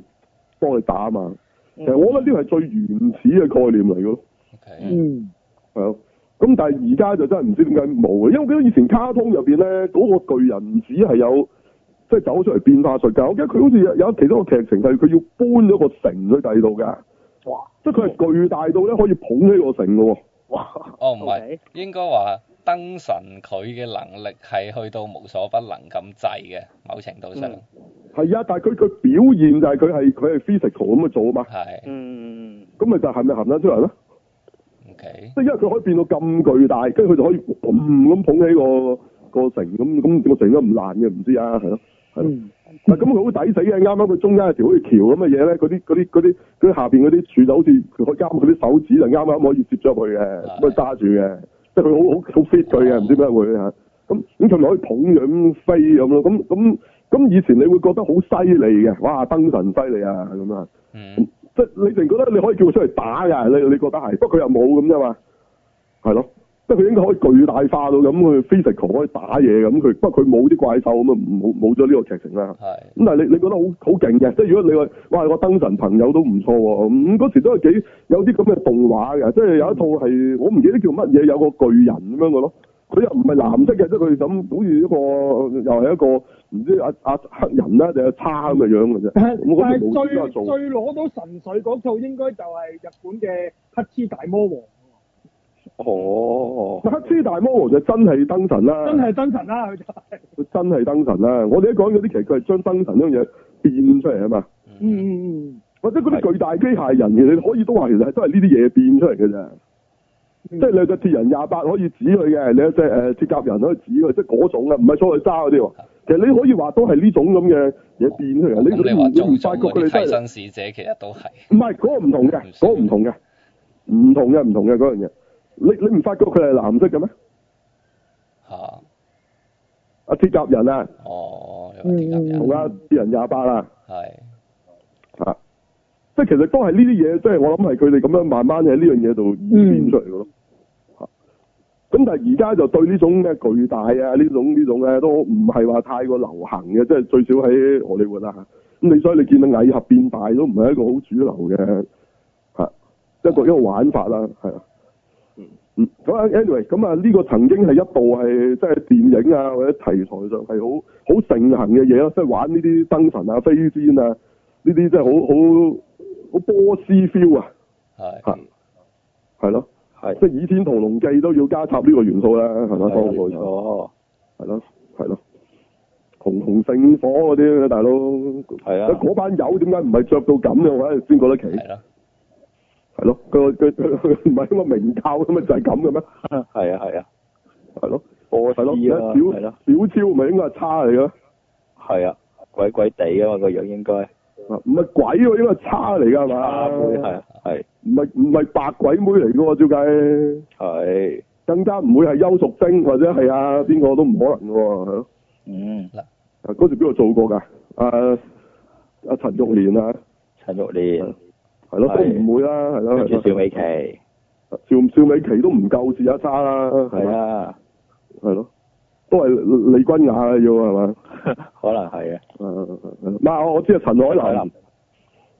幫佢打啊嘛，其實我覺得呢個係最原始嘅概念嚟噶咯，okay. 嗯，係咯，咁但係而家就真係唔知點解冇嘅，因為我記得以前卡通入邊咧，嗰個巨人唔止係有，即係走出嚟變化術㗎，我記得佢好似有有其中一個劇情係佢要搬咗個城去第二度嘅，哇，即係佢係巨大到咧可以捧起個城噶喎，哇，哦唔係，okay. 應該話。燈神佢嘅能力係去到無所不能咁滯嘅，某程度上係、嗯、啊，但係佢佢表現就係佢係佢係 physical 咁去做啊嘛，係，嗯，咁咪就係咪行得出嚟咯？OK，即因為佢可以變到咁巨大，跟住佢就可以咁咁捧起個個城咁，咁、那個城都唔爛嘅，唔知啊，係咯、啊啊，嗯，啊咁、嗯、好抵死嘅，啱啱佢中間有條好似橋咁嘅嘢咧，嗰啲嗰啲嗰啲下邊嗰啲柱就好似佢可啱佢啲手指就啱啱可以接咗佢嘅，咁揸住嘅。即係佢好好好 fit 佢嘅，唔知咩會吓。咁咁佢咪可以捧住飛咁咯。咁咁咁以前你會覺得好犀利嘅，哇！燈神犀利啊咁啊。嗯。即係你淨覺得你可以叫佢出嚟打㗎，你你覺得係，不過佢又冇咁啫嘛。係咯。即係佢應該可以巨大化到咁，去 physical 可以打嘢咁，佢不過佢冇啲怪獸咁啊，冇冇咗呢個劇情啦。係。咁但係你你覺得好好勁嘅，即係如果你話，哇，個燈神朋友都唔錯，咁嗰時都係幾有啲咁嘅動畫嘅，即係有一套係、嗯、我唔記得叫乜嘢，有個巨人咁樣嘅咯。佢又唔係藍色嘅，即係佢咁，好似一個又係一個唔知阿阿黑人咧定係叉咁嘅樣嘅啫。係。咁嗰時最攞到神髓嗰套應該就係日本嘅黑之大魔王。哦，哦，黑之大魔王就真係燈神啦，真係燈神啦，佢、就係、真係燈神啦。我哋一講嗰啲，其實佢係將燈神呢樣嘢變出嚟啊嘛。嗯嗯嗯，或者嗰啲巨大機械人嘅，你可以都話其實係都係呢啲嘢變出嚟嘅啫。即係你隻鐵人廿八可以指佢嘅、嗯，你一隻誒鐵甲人可以指佢、嗯，即係嗰種嘅，唔係所謂揸嗰啲喎。其實你可以話都係呢種咁嘅嘢變出嚟、哦。你唔、嗯，你唔發覺佢哋真係。替身使者其實都係。唔係嗰個唔同嘅，嗰、嗯嗰個唔同嘅，唔、嗯、同嘅唔同嘅嗰樣嘢。你你唔發覺佢係藍色嘅咩？吓、啊，阿鐵甲人啊！哦、嗯，有鐵甲人28、啊，人廿八啦。係、啊，吓，即係其實都係呢啲嘢，即係我諗係佢哋咁樣慢慢喺呢樣嘢度演變出嚟嘅咯。咁、嗯啊、但係而家就對呢種咩巨大啊呢種呢種咧、啊、都唔係話太過流行嘅，即係最少喺荷里活啦、啊。咁、啊、你所以你見到蟻俠變大都唔係一個好主流嘅吓、啊，一個一個玩法啦，係啊。啊嗯嗯，咁啊，anyway，咁啊呢個曾經係一部係即係電影啊或者題材上係好好盛行嘅嘢咯，即係玩呢啲燈神啊、飛仙啊呢啲，即係好好好波斯 feel 啊，係吓係咯，係即係倚天屠龍記都要加插呢個元素啦，係咪啊？哦，係咯，係咯，熊熊聖火嗰啲，大佬係啊，嗰班友點解唔係着到咁嘅話，我先覺得奇。係咯，佢佢佢唔係應該明教咁 [laughs] 啊？就係咁嘅咩？係啊係啊，係咯，哦係咯，小、啊、小超咪應該係差嚟嘅，係啊，鬼鬼地啊嘛個樣應該，唔、啊、係鬼喎，應該係差嚟噶係嘛？差妹係啊係，唔係唔係白鬼妹嚟嘅喎，照計係、啊，更加唔會係邱淑貞或者係啊邊個都唔可能嘅喎，係咯、啊，嗯嗱，嗰時邊個做過噶？阿阿陳玉蓮啊？陳、啊、玉蓮、啊。係咯，都唔會啦，係咯。邵美琪，邵美琪都唔夠住一沙啦。係啊，係咯，都係李君雅嘅啫喎，係嘛？ [laughs] 可能係啊。唔、呃、係我知係陳凱琳，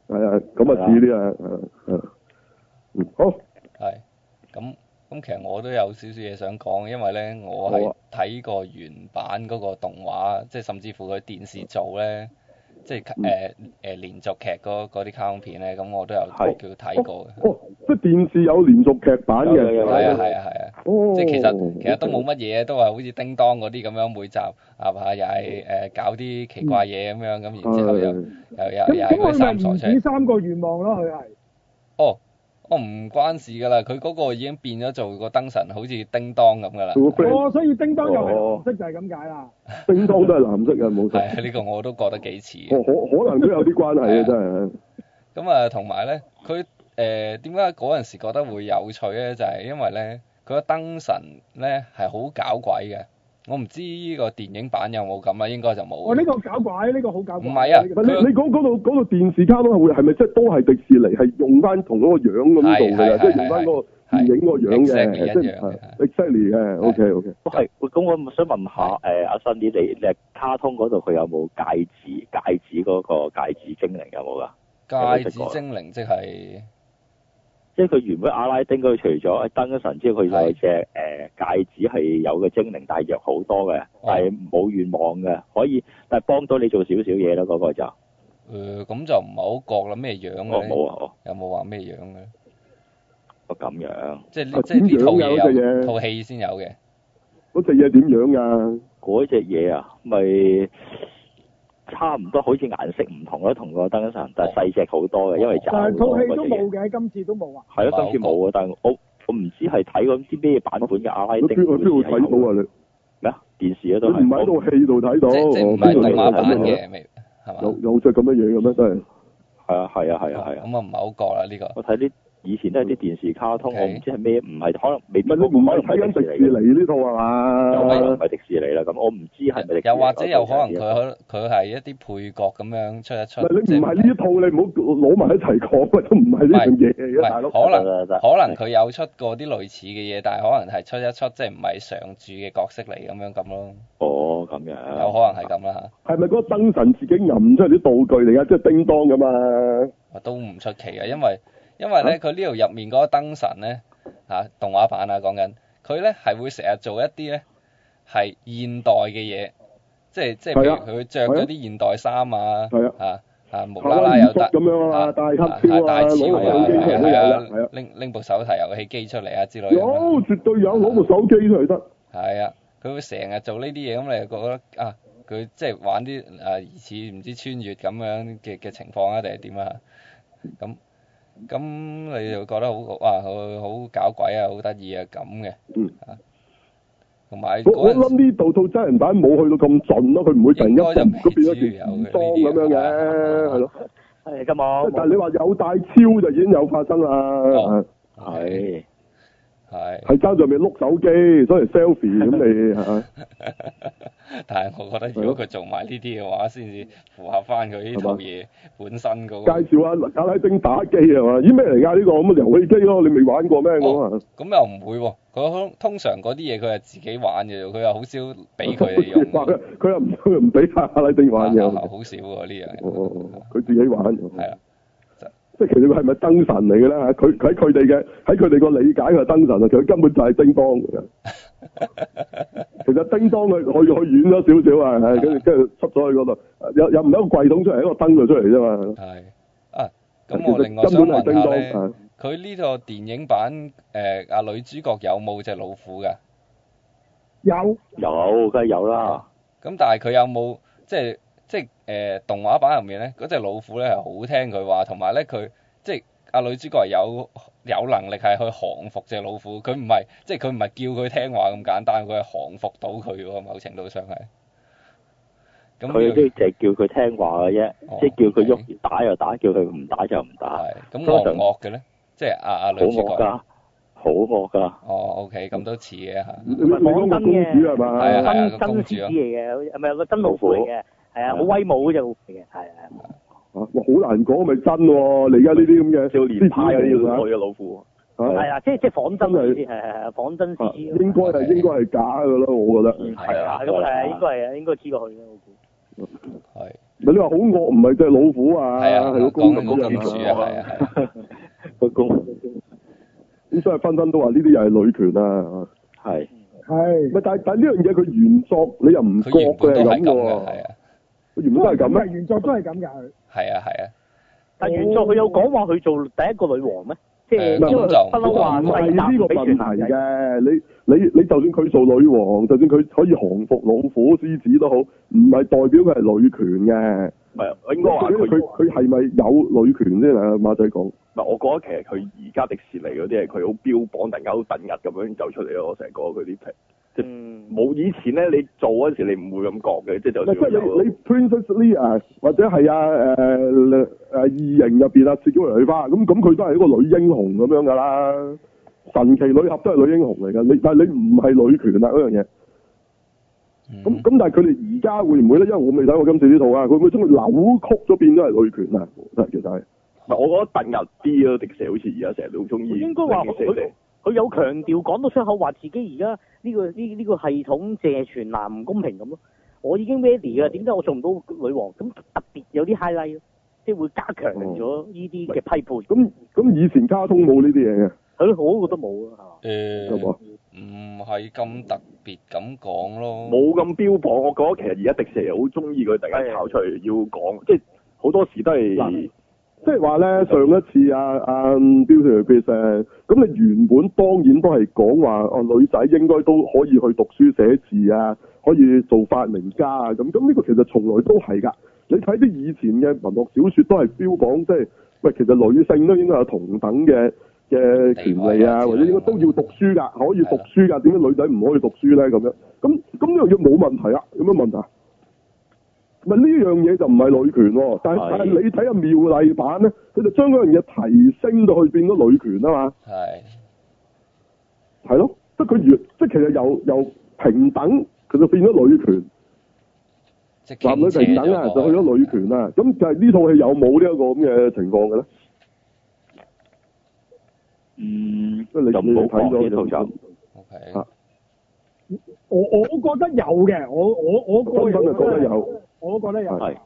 係啊，咁啊似啲啊，嗯好。係，咁咁其實我都有少少嘢想講，因為咧我係睇過原版嗰個動畫，即係甚至乎佢電視做咧。即係誒誒連續劇嗰啲卡通片咧，咁我都有、哦、叫睇過嘅、哦哦。即係電視有連續劇版嘅，係啊係啊係啊，即係其實其實都冇乜嘢，都係好似叮當嗰啲咁樣每集，係嘛？又係誒、呃、搞啲奇怪嘢咁樣，咁、嗯、然之後又又又又又生菜出嚟。嗯、三個願望咯、啊，佢係。哦。我、哦、唔關事噶啦，佢嗰個已經變咗做個燈神，好似叮當咁噶啦。哦，所以叮當又係藍色就係咁解啦。叮當都係藍色啊，冇錯。係 [laughs] 呢、這個我都覺得幾似嘅。哦，可可能都有啲關係啊， [laughs] 真係。咁、嗯、啊，同埋咧，佢誒，點解嗰陣時覺得會有趣咧？就係、是、因為咧，佢個燈神咧係好搞鬼嘅。我唔知呢個電影版有冇咁啦，應該就冇。哇、哦！呢、這個搞怪，呢、這個好搞怪。唔係啊，你你講嗰度嗰度電視卡通係咪即係都係迪士尼，係用翻同嗰個樣咁做嘅？即係用翻嗰個電影個樣嘅，即係犀利嘅。O K O K。都、exactly、係，咁我想問下，誒、okay，阿 Sunny 你你卡通嗰度佢有冇戒指？戒指嗰個戒指精靈有冇噶？戒指精靈即係。即係佢原本阿拉丁佢除咗燈神之外，佢就係隻誒戒指係有個精靈，但係弱好多嘅，但係冇願望嘅，可以但係幫到你做少少嘢咯，嗰個就誒咁就唔係好覺啦，咩樣咧？哦冇啊，有冇話咩樣嘅？哦咁樣，即係即係呢套有套戲先有嘅。嗰隻嘢點樣啊？嗰隻嘢啊，咪～差唔多，好似顏色唔同咯，同個燈神，但係細隻好多嘅，因為就成套戲都冇嘅，今次都冇啊，啊。係啊，今次冇啊，但係我我唔知係睇緊啲咩版本嘅阿拉丁。邊個邊度睇到啊？你咩啊？電視啊都係。你唔喺套戲度睇到。即即唔係黎家版嘛？有有出咁嘅嘢咁咩？真係係啊！係啊！係、嗯、啊！係、嗯嗯、啊！咁、嗯嗯、啊，唔係好覺啦、啊、呢、呢個。我睇啲。以前都係啲電視卡通，Okay. 我唔知係咩，唔係可能未必。我唔係睇緊迪士尼呢套係嘛？唔係迪士尼啦，咁我唔知係咪。又或者有可能佢可佢係一啲配角咁樣出一出。唔係呢套，就是、你唔好攞埋一齊講，都唔係呢樣嘢大佬。可能對對對，可能佢有出過啲類似嘅嘢，但係可能係出一出即係唔係常駐嘅角色嚟咁樣咁咯。哦，咁樣、啊、有可能係咁啦嚇。係咪嗰燈神自己揞出啲道具嚟㗎？即、就、係、是、叮當㗎嘛？都唔出奇啊，因為。因為咧，佢呢度入面嗰個燈神咧，嚇動畫版啊，講緊佢咧係會成日做一啲咧係現代嘅嘢，即係即係譬如佢會著啲現代衫啊，嚇嚇無啦啦有戴戴頭戴頭啊，係啊，拎拎部手提遊戲機出嚟啊之類，有絕對有攞部手機出嚟得。係啊，佢會成日做呢啲嘢，咁你覺得啊，佢即係玩啲誒似唔知穿越咁樣嘅嘅情況啊，定係點啊？咁。咁你就覺得好哇，好搞鬼啊，好得意啊咁嘅。嗯。啊。同埋我諗呢度套真人版冇去到咁盡咯，佢唔會突然間唔會變咗條友咁樣嘅，係、啊、咯。係咁冇。但係你話有帶超就已經有發生啦。係、嗯。係喺街上面碌手機，所以 selfie 咁 [laughs] 你、啊、 [laughs] 但係我覺得，如果佢做埋呢啲嘅話，先至符合翻佢呢套嘢本身嘅、嗰個。介紹下阿拉丁打機係嘛？咦咩嚟㗎？呢、啊呢個咁嘅、嗯、遊戲機咯，你未玩過咩㗎嘛？咁、哦、又唔會喎、啊。佢通常嗰啲嘢，佢係自己玩嘅，佢又好少俾佢用。佢佢又唔唔俾阿拉丁玩嘅、啊啊啊。好少喎呢樣。哦，佢自己玩嘅。係啊。 [laughs] 即係其實佢係咪燈神嚟嘅咧？佢佢喺佢哋嘅喺佢哋個理解佢係燈神啊！佢根本就係叮噹。 [laughs] 其實叮噹佢佢佢遠咗少少啊！係跟住跟住出咗去嗰度，又有唔係一個櫃桶出嚟，一個燈就出嚟啫嘛。係啊，咁其實根本係叮噹佢呢個電影版誒、呃，女主角有冇隻老虎噶？有有，有，梗係有啦。咁但係佢有冇即係？即係誒動畫版入面咧，嗰隻老虎咧係好聽佢話，同埋咧佢即係阿女主角係有有能力係去降服隻老虎，佢唔係即係佢唔係叫佢聽話咁簡單，佢係降服到佢喎，某程度上係。咁佢都係叫佢聽話嘅啫，即係叫佢喐打就打，叫佢唔打就唔打。咁惡唔惡嘅咧？即係阿阿女主角。好惡㗎。好惡㗎。哦，OK，咁都似嘅嚇。你講個公主係嘛？係啊係啊，個公主嚟嘅，好似唔係個真老虎嚟嘅。係啊，好威武嘅。係啊，哇，好難講，咪真喎，你而家呢啲咁嘅，少年派嘅老虎，係啊，啊，即係仿真，係係係仿真是是，啊，應該係應該係假㗎咯，我覺得，係啊，咁啊，應該係啊，應該知過去嘅，我估，係，你話好惡唔係即係老虎啊，係啊，公主為主啊，係啊，公，咁所以分分都話呢啲又係女權啊。係，係，咪但係但呢樣嘢佢原作你又唔覺嘅咁喎，係啊。原本都係咁咩？原作都係咁噶。係啊係啊，但原作佢有講話佢做第一個女王咩？即、嗯、係不嬲話唔係呢個問題嘅。你你你就算佢做女王，就算佢可以降服老虎獅子都好，唔係代表佢係女權嘅。唔係，我應該話佢佢佢係咪有女權先？馬仔講。唔，我覺得其實佢而家迪士尼嗰啲係佢好標榜，大家好奮力咁樣走出嚟咯。我成個佢啲皮，即、嗯、冇以前咧。你做嗰陣時候，你唔會咁講嘅，即係就有即係你你 Princess Leia 啊，或者係啊誒誒異形入邊啊，鐵中華女花咁咁，佢都係一個女英雄咁樣㗎啦。神奇女俠都係女英雄嚟㗎，你但係你唔係女權啊嗰樣嘢。咁、嗯、咁，咁咁但係佢哋而家會唔會咧？因為我未睇過今次呢套啊，佢會唔會扭曲咗變咗係女權啊？真係其實係。我覺得突兀啲咯。迪蛇好似而家成日都好中意，應該話佢有強調講到出口，話自己而家呢個呢呢、呢個系統借傳男唔公平咁咯。我已經 ready 噶，點解我做唔到女王？咁特別有啲 highlight，即係會加強咗呢啲嘅批判。咁咁以前卡通冇呢啲嘢嘅，係咯，我覺得冇啊。係嘛？誒，唔係咁特別咁講咯，冇咁標榜。我覺得其實而家迪蛇好中意佢大家炒出嚟要講，即係好多時都係。即係話咧，上一次啊、嗯、啊，Billie Jean，咁你原本當然都係講話，哦、呃、女仔應該都可以去讀書寫字啊，可以做發明家啊咁，咁呢個其實從來都係噶。你睇啲以前嘅文學小說都係標榜，即、就、係、是、喂，其實女性都應該有同等嘅嘅權利啊，或者應該都要讀書噶，可以讀書噶，點解女仔唔可以讀書咧？咁樣咁咁呢樣嘢冇問題啊？有咩問題啊？咪呢樣嘢就唔係女權，但但係你睇下妙麗版咧，佢就將嗰樣嘢提升到去變咗女權啊嘛，係係咯，即係佢越即係其實由由平等，佢就變咗女權即，男女平等啊、那個，就去咗女權啦。咁就係呢套戲有冇呢一個咁嘅情況嘅咧？嗯，即係你你睇咗呢套劇，OK 啊？我我覺得有嘅，我我我覺得有。我都覺得有，係，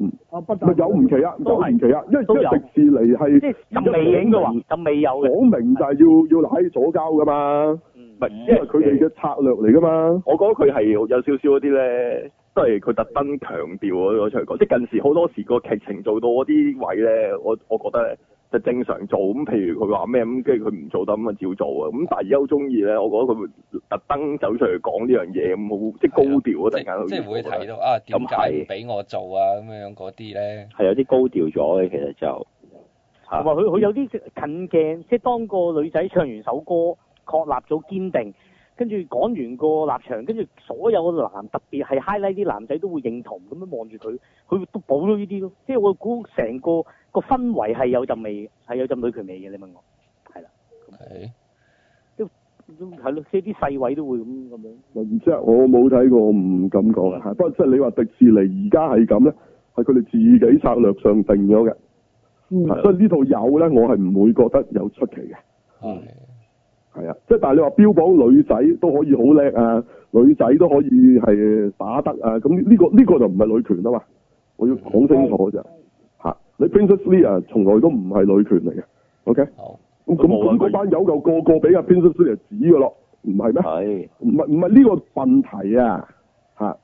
嗯，啊，不，不，有唔奇啊，都係唔奇啊，因為都有因為迪士尼係，即係咁未影嘅話，咁未有嘅，講明就係要要喺左膠㗎嘛，唔、嗯、係，因為佢哋嘅策略嚟㗎嘛，我覺得佢係有少少嗰啲呢，都係佢特登強調咗出嚟，即係近時好多時個劇情做到嗰啲位呢，我我覺得咧。就正常做咁，譬如佢話咩咁，跟住佢唔做得咁啊，照做啊咁。但係而家好中意咧，我覺得佢會特登走出嚟講呢樣嘢，好即係高調啊！突然間即係會睇到啊，點解唔俾我做啊咁樣嗰啲咧？係有啲高調咗嘅，其實就同埋佢，佢有啲近鏡，即係當個女仔唱完首歌，確立咗堅定。跟住講完個立場，跟住所有男特別係 high like 啲男仔都會認同咁樣望住佢，佢都補咗呢啲咯。即係我估成個個氛圍係有陣味嘅，係有陣女權味嘅。你問我，係啦。係。都係咯，即係啲細位都會咁咁樣。唔知啊，我冇睇過我，我唔敢講啊。不過即係你話迪士尼而家係咁咧，係佢哋自己策略上定咗嘅。所以呢套有咧，我係唔會覺得有出奇嘅。係。嗯係啊，即係但係你話標榜女仔都可以好叻啊，女仔都可以係打得啊，咁呢個呢個就唔係女權啊嘛，我要講清楚啫，吓、啊、你 Princess Leia 從、啊、來都唔係女權嚟嘅，OK？好，咁咁嗰班友就個個俾阿 Princess Leia、啊、指噶咯，唔係咩？係，唔係唔係呢個問題啊，吓、啊、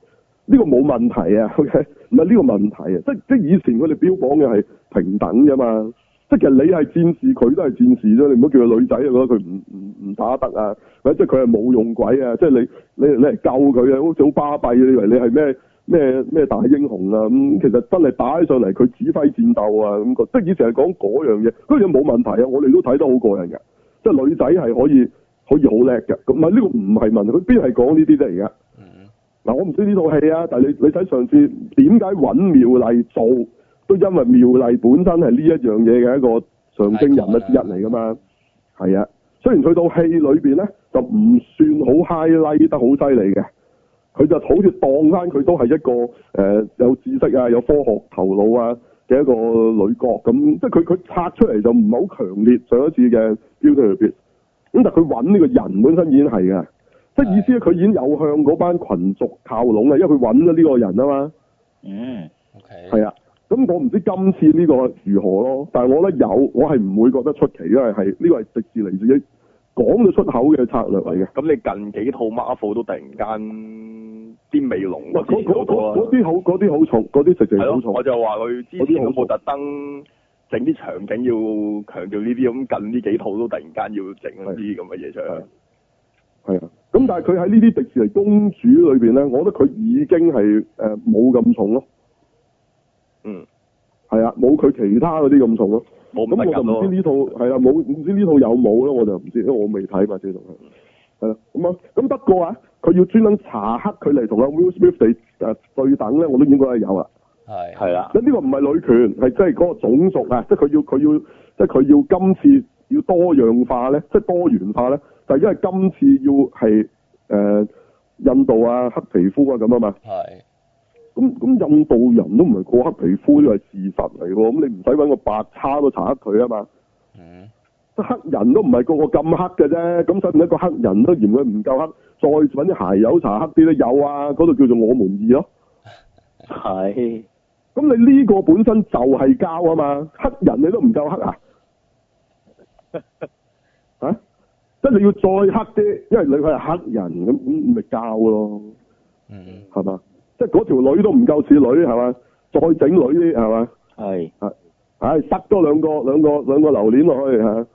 呢個冇問題啊，OK？唔係呢個問題啊，即即以前佢哋標榜嘅係平等啫嘛。即係你係戰士，佢都係戰士啫。你唔好叫佢女仔啊，覺得佢唔唔唔打得啊，或者即係佢係冇用鬼啊。即係你你你嚟救佢啊，好似好巴閉啊。你以為你係咩咩咩大英雄啊？咁、嗯、其實真係打起上嚟，佢指揮戰鬥啊。咁即係以前係講嗰樣嘢，嗰樣冇問題啊。我哋都睇得好過癮嘅。即係女仔係可以可以好叻嘅。咁唔呢個唔係問題，佢邊係講呢啲啫？而家嗱我唔知呢套戲啊，但係你你睇上次點解揾妙麗做？都因為妙麗本身係呢一樣嘢嘅一個常青人物之一嚟㗎嘛，係啊。雖然去到戲裏邊咧，就唔算好 highlight 得好犀利嘅，佢就好似當翻佢都係一個誒、呃、有知識啊、有科學頭腦啊嘅一個女角咁，即係佢佢拆出嚟就唔係好強烈，上一次嘅《Beauty and the Beast》咁。但係佢揾呢個人本身已經係㗎，即係意思咧，佢已經有向嗰班群族靠攏啊，因為佢揾咗呢個人啊嘛。嗯，OK。係啊。咁、嗯、我唔知今次呢個如何咯，但係我覺得有，我係唔會覺得出奇，因為係呢個係迪士尼自己講到出口嘅策略嚟嘅。咁、嗯、你近幾套 Marvel 都突然間啲味濃嗰啲好，嗰啲好重，嗰啲直情好重、嗯啊。我就話佢之前有冇特登整啲場景，要強調呢啲，咁近呢幾套都突然間要整啲咁嘅嘢出嚟。係啊。咁、嗯嗯嗯、但係佢喺呢啲迪士尼公主裏面咧，我覺得佢已經係誒冇咁重咯。嗯，係啊，冇佢其他嗰啲咁重咯，冇咁咪咁咯。咁我唔知呢套係啊，冇唔知呢套有冇咯，我就唔知，因為我未睇嘛，始終係。係啦，咁啊，咁不過啊，佢要專登查黑佢嚟同阿 Will Smith 嚟誒對等咧，我都應該係有啦。係係啦，咁呢個唔係女權，係即係嗰個種族啊，即係佢要佢要，即係佢要今次要多樣化咧，即係多元化咧，就因為今次要係誒印度啊黑皮膚啊咁啊嘛。係。咁咁印度人都唔係過黑皮膚都係事實嚟喎，咁你唔使搵個白叉都查黑佢啊嘛。嗯，黑人都唔係個個咁黑嘅啫，咁使唔使一個黑人都嫌佢唔夠黑，再搵啲鞋油查黑啲都有啊，嗰度叫做我們意咯。係，咁你呢個本身就係膠啊嘛，黑人你都唔夠黑啊？吓、 [laughs] 啊，即係你要再黑啲，因為你佢係黑人，咁咁咪膠咯，嗯，係嘛？即係嗰條女都唔夠似女係嘛，再整女啲係嘛？係係，係塞多兩個兩個兩個榴蓮落去嚇，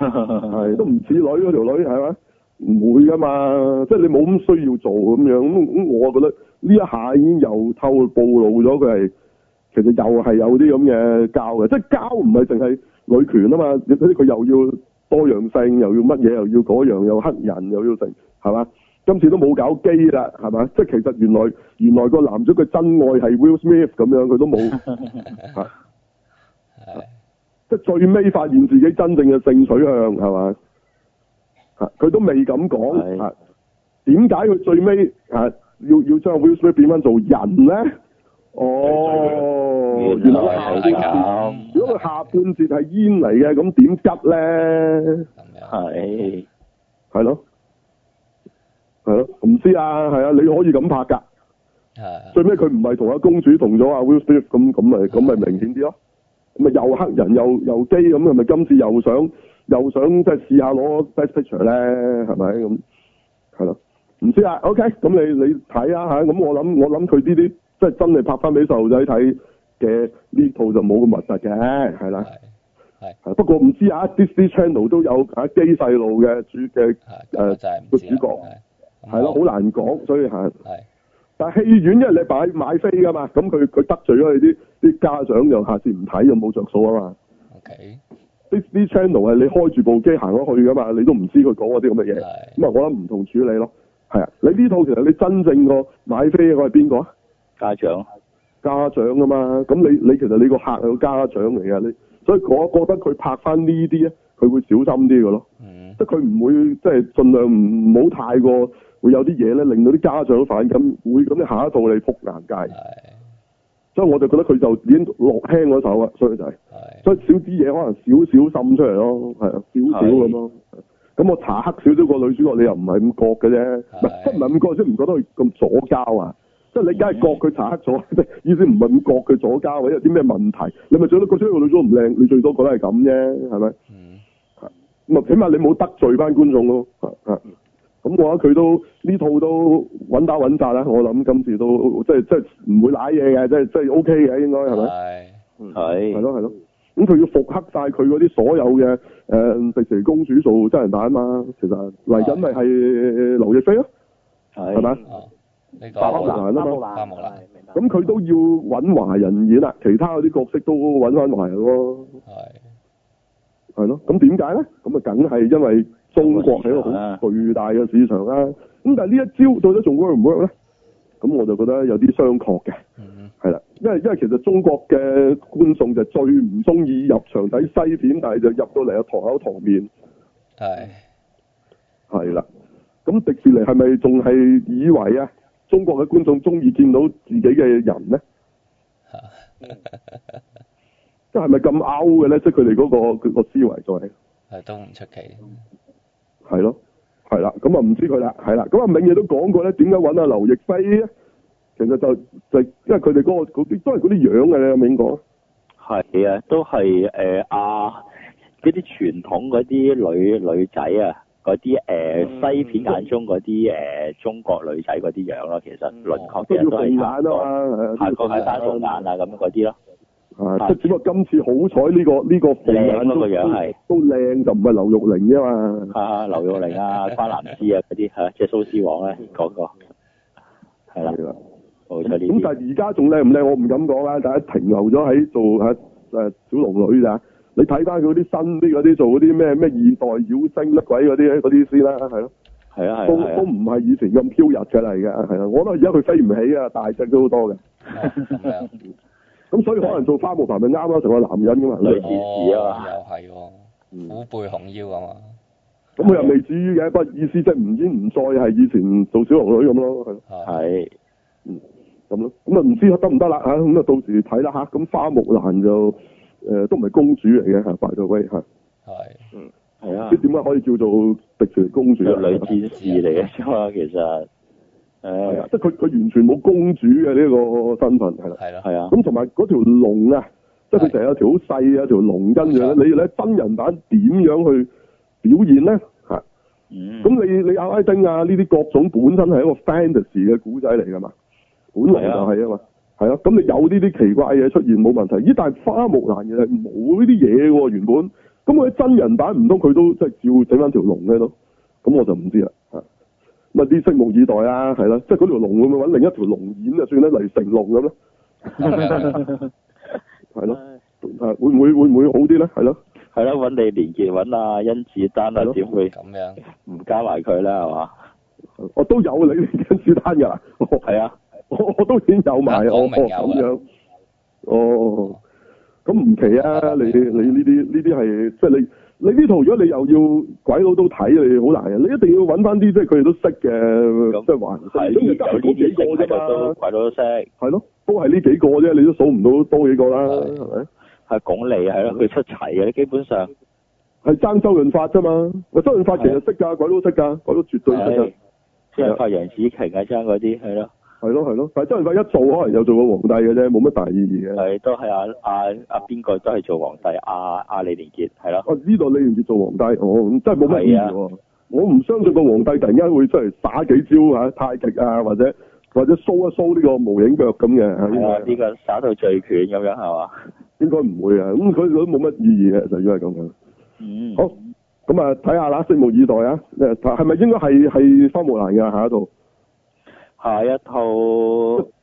係 [laughs] 都唔似女嗰條女係嘛？唔會㗎嘛，即係你冇咁需要做咁樣咁，我覺得呢一下已經又透露露咗佢係其實又係有啲咁嘅膠嘅，即係膠唔係淨係女權啊嘛，佢又要多樣性，又要乜嘢，又要嗰樣，又黑人，又要成係嘛？今次都冇搞基啦，係咪？即係其實原來原來個男主嘅真愛係 Will Smith 咁樣，佢都冇 [laughs] 啊，即係最尾發現自己真正嘅性取向，係咪？佢都未敢講，啊，點解佢最尾啊要要將 Will Smith 變翻做人咧？哦，原來係咁。如果佢下半節係煙嚟嘅，咁點急咧？係係咯。係咯，唔知啊，係啊，你可以咁拍噶，係最尾佢唔係同阿公主同咗阿 Will Smith 咁咁咪咁咪明顯啲咯，咁咪又黑人又又基咁，係咪今次又想又想即係試下攞 Best Picture 咧？係咪咁？係咯，唔知啊，OK，咁你你睇啊嚇，咁我諗我諗佢呢啲即係真係拍翻俾細路仔睇嘅呢套就冇咁密實嘅，係啦，係係，不過唔知啊，一啲啲 channel 都有嚇基細路嘅主嘅個、啊、主角。係咯，好難講，所以係。係。但係戲院因為你擺買飛噶嘛，咁佢佢得罪咗你啲啲家長，又下次唔睇又冇着數啊嘛。OK。呢啲 channel 係你開住部機行咗去噶嘛，你都唔知佢講嗰啲咁嘅嘢。係。咁啊，我諗唔同處理咯。係啊，你呢套其實你真正個買飛嘅我係邊個啊？家長。家長啊嘛，咁你你其實你個客係個家長嚟噶，你，所以我覺得佢拍翻呢啲咧，佢會小心啲嘅咯。嗯。即係佢唔會即係、即係、盡量唔好太過。會有啲嘢咧，令到啲家長反感，會咁樣下一套你仆街。係，所以我就覺得佢就已經落輕嗰手啦，所以就係、是，所以少啲嘢，可能少少滲出嚟咯，係啊，少少咁咯。咁我查黑少咗個女主角，你又唔係咁覺嘅啫，唔係唔係咁覺，即唔、就是、覺得佢咁左膠啊？即係你梗係係覺佢查黑咗、嗯，意思唔係咁覺佢左膠，或者有啲咩問題？你咪最多覺得個女主角唔靚，你最多覺得係咁啫，係咪？咪、嗯，咁啊，起碼你冇得罪翻觀眾咯，咁、嗯、我覺佢都呢套都穩打穩紮啦，我諗今次都即係即係唔會賴嘢嘅，即係即係 O K 嘅應該係咪？係係係咯係咯，咁佢要復刻曬佢嗰啲所有嘅誒迪士尼公主數真人版啊嘛，其實嚟緊咪係劉亦菲咯，係咪、啊這個？明白、明白，咁佢都要揾華人演啦，其他嗰啲角色都揾翻華人咯，係係咯，咁點解咧？咁啊，梗係因為。中國係一個好巨大嘅市場啦，咁、那個、但係呢一招到底仲 work 唔 work 咧？咁我就覺得有啲商榷嘅，係、mm、啦 -hmm.，因為因為其實中國嘅觀眾就最唔中意入場睇西片，但係就入到嚟又堂口堂面，係係啦。咁迪士尼係咪仲係以為啊？中國嘅觀眾中意見到自己嘅人咧，即係咪咁 out 嘅咧？即係佢哋嗰個佢、個思維再、就、係、是、都唔出奇。係咯，係啦，咁我唔知佢啦，係啦，咁啊，銘嘢都講過呢，點解揾阿劉亦菲呢？其實就就因為佢哋嗰個嗰啲都係嗰啲樣嘅咧，阿銘講。係啊，都係誒、呃、啊！嗰啲傳統嗰啲女女仔啊，嗰啲誒西片眼中嗰啲誒中國女仔嗰啲樣咯，其實輪廓其實都係差唔多，大個眼、啊、單縫、啊、眼啊咁嗰啲咯。啊！即、啊、只不過今次好彩呢個呢、這個靚咁嘅樣，係都靚，就唔係劉玉玲啫嘛。吓、啊，劉玉玲啊，關南施啊嗰啲吓，即係蘇絲黃咧、啊，那個個係啦。啲、啊。咁、啊、但係而家仲靚唔靚？我唔敢講啊。但係停留咗喺做吓誒小龍女咋？你睇翻佢啲新啲嗰啲做嗰啲咩咩二代妖精乜鬼嗰啲嗰啲先啦，係咯。係啊，係、啊啊、都、啊啊、都唔係以前咁飄逸噶啦，而家係啦。我覺得而家佢飛唔起隻啊，大隻都好多嘅。 [laughs] 咁所以可能做花木蘭就啱啦，成個男人咁嘛。女戰士啊嘛，哦、又係，虎、嗯、背熊腰啊嘛，咁佢又未至於嘅，不過意思即係唔已經唔再係以前做小龍女咁咯，係，嗯，咁咯，咁啊唔知得唔得啦，吓，咁啊到時睇啦吓，咁花木蘭就，誒，都唔係公主嚟嘅吓，白玫瑰吓，係，嗯，係啊，即點解可以叫做迪士尼公主嘅女戰士嚟嘅啫嘛，其實。誒，係啊，即係佢佢完全冇公主嘅呢個身份，係啦，係啦，係啊，咁同埋嗰條龍啊，即係佢成日有條好細一條龍咁樣，你咧真人版點樣去表現咧？吓，嗯，咁你你阿拉丁啊呢啲各種本身係一個 fantasy 嘅古仔嚟噶嘛，本嚟就係啊嘛，係啊，咁你有呢啲奇怪嘢出現冇問題，咦？但係花木蘭原係冇呢啲嘢嘅原本，咁佢真人版唔通佢都即係照整翻條龍咩咯？咁我就唔知啦。咪啲拭目以待啊，係咯、啊，即係嗰條龍會唔會揾另一條龍演就算龍 [laughs] [laughs] 是啊，算得嚟成龍咁咯，係咯，會會會唔會好啲咧？係咯、啊，係咯、啊，揾李連杰、揾啊甄子丹啊，點會、啊？咁樣，唔 [laughs] 加埋佢啦，係嘛？我都有你，甄子丹噶啦，係啊， [laughs] 我我都已經有埋、啊，我我咁、啊哦、樣，哦，咁唔奇啊， [laughs] 你你呢啲呢啲係，即係你。你呢套如果你又要鬼佬都睇，你好難嘅。你一定要揾翻啲即係佢哋都識嘅，即係還識。咁而家佢呢幾個啫嘛，鬼佬都識。係咯，都係呢幾個啫，你都數唔到多幾個啦，係咪？係鞏俐係咯，佢出齊嘅，基本上係爭周潤發啫嘛。周潤發其實識㗎，鬼佬識㗎，鬼佬絕對識嘅。即係拍楊紫瓊啊，爭嗰啲係咯。係咯係咯，但係周潤發一做可能又做過皇帝嘅啫，冇乜大意義嘅。係都係阿阿阿邊個都係做皇帝，阿、啊、阿、啊、李連杰係咯。哦，呢度李連杰做皇帝，我、哦、真係冇乜意義的的。我唔相信個皇帝突然間會出嚟耍幾招吓、啊、太極啊，或者或者 show 一 show 呢個無影腳咁嘅。啊呢、這個耍到醉拳咁樣係嘛？應該唔會啊，咁佢都冇乜意義嘅，就要係咁樣。嗯。好，咁啊睇下啦，拭目以待啊！係咪應該係係花木蘭嘅下一度。下一套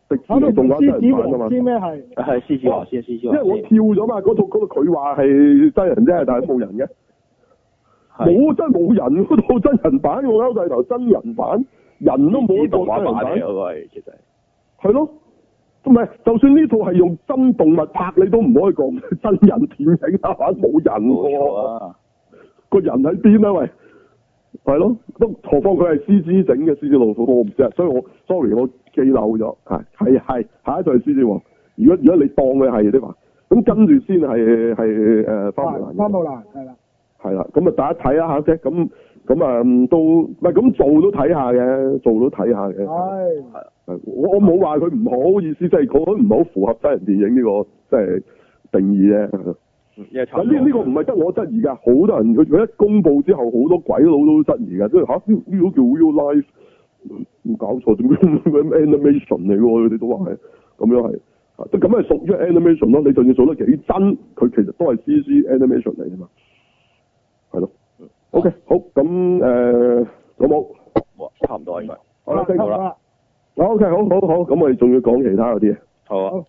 迪士尼動畫真人版啊嘛，啲咩係？係獅子王先，獅、啊子，啊、子王，子獅子王子，因為我跳咗嘛，嗰套個佢話係真人啫，但係冇人嘅。冇真冇人，嗰 [laughs] 套真人版，我歐大頭真人版，人都冇動畫版喂，其實係咯，唔係就算呢套係用真動物拍，你都唔可以講真人電影人啊嘛，冇人。冇錯啊，個人喺邊啊喂？係咯，不何況，佢係 CG 整嘅 CG 老虎，我唔知啊，所以我 sorry 我記漏咗係係下一台係獅子王，如果如果你當佢係嘅話，咁跟住先係係誒花木蘭，花木蘭係啦，係啦，咁啊大家睇一下啫，咁咁啊都唔係咁做都睇下嘅，做都睇下嘅，我我冇話佢唔好意思，即係佢唔好符合真人電影呢、呢個即係、即係、定義咧。呢呢個唔係得我質疑㗎，好多人佢佢一公佈之後，好多鬼佬都質疑㗎，即係嚇呢呢個叫 Real Life，唔搞錯點解係 Animation 嚟㗎？佢哋都話係，咁樣係，即咁係屬於 Animation 咯。你就算做得幾真，佢其實都係 CG Animation 嚟㗎嘛。係咯。OK 好，咁誒好冇，差唔多啦，好啦，okay，好啦，好嘅，好好好，咁我哋仲要講其他嗰啲啊，好啊。好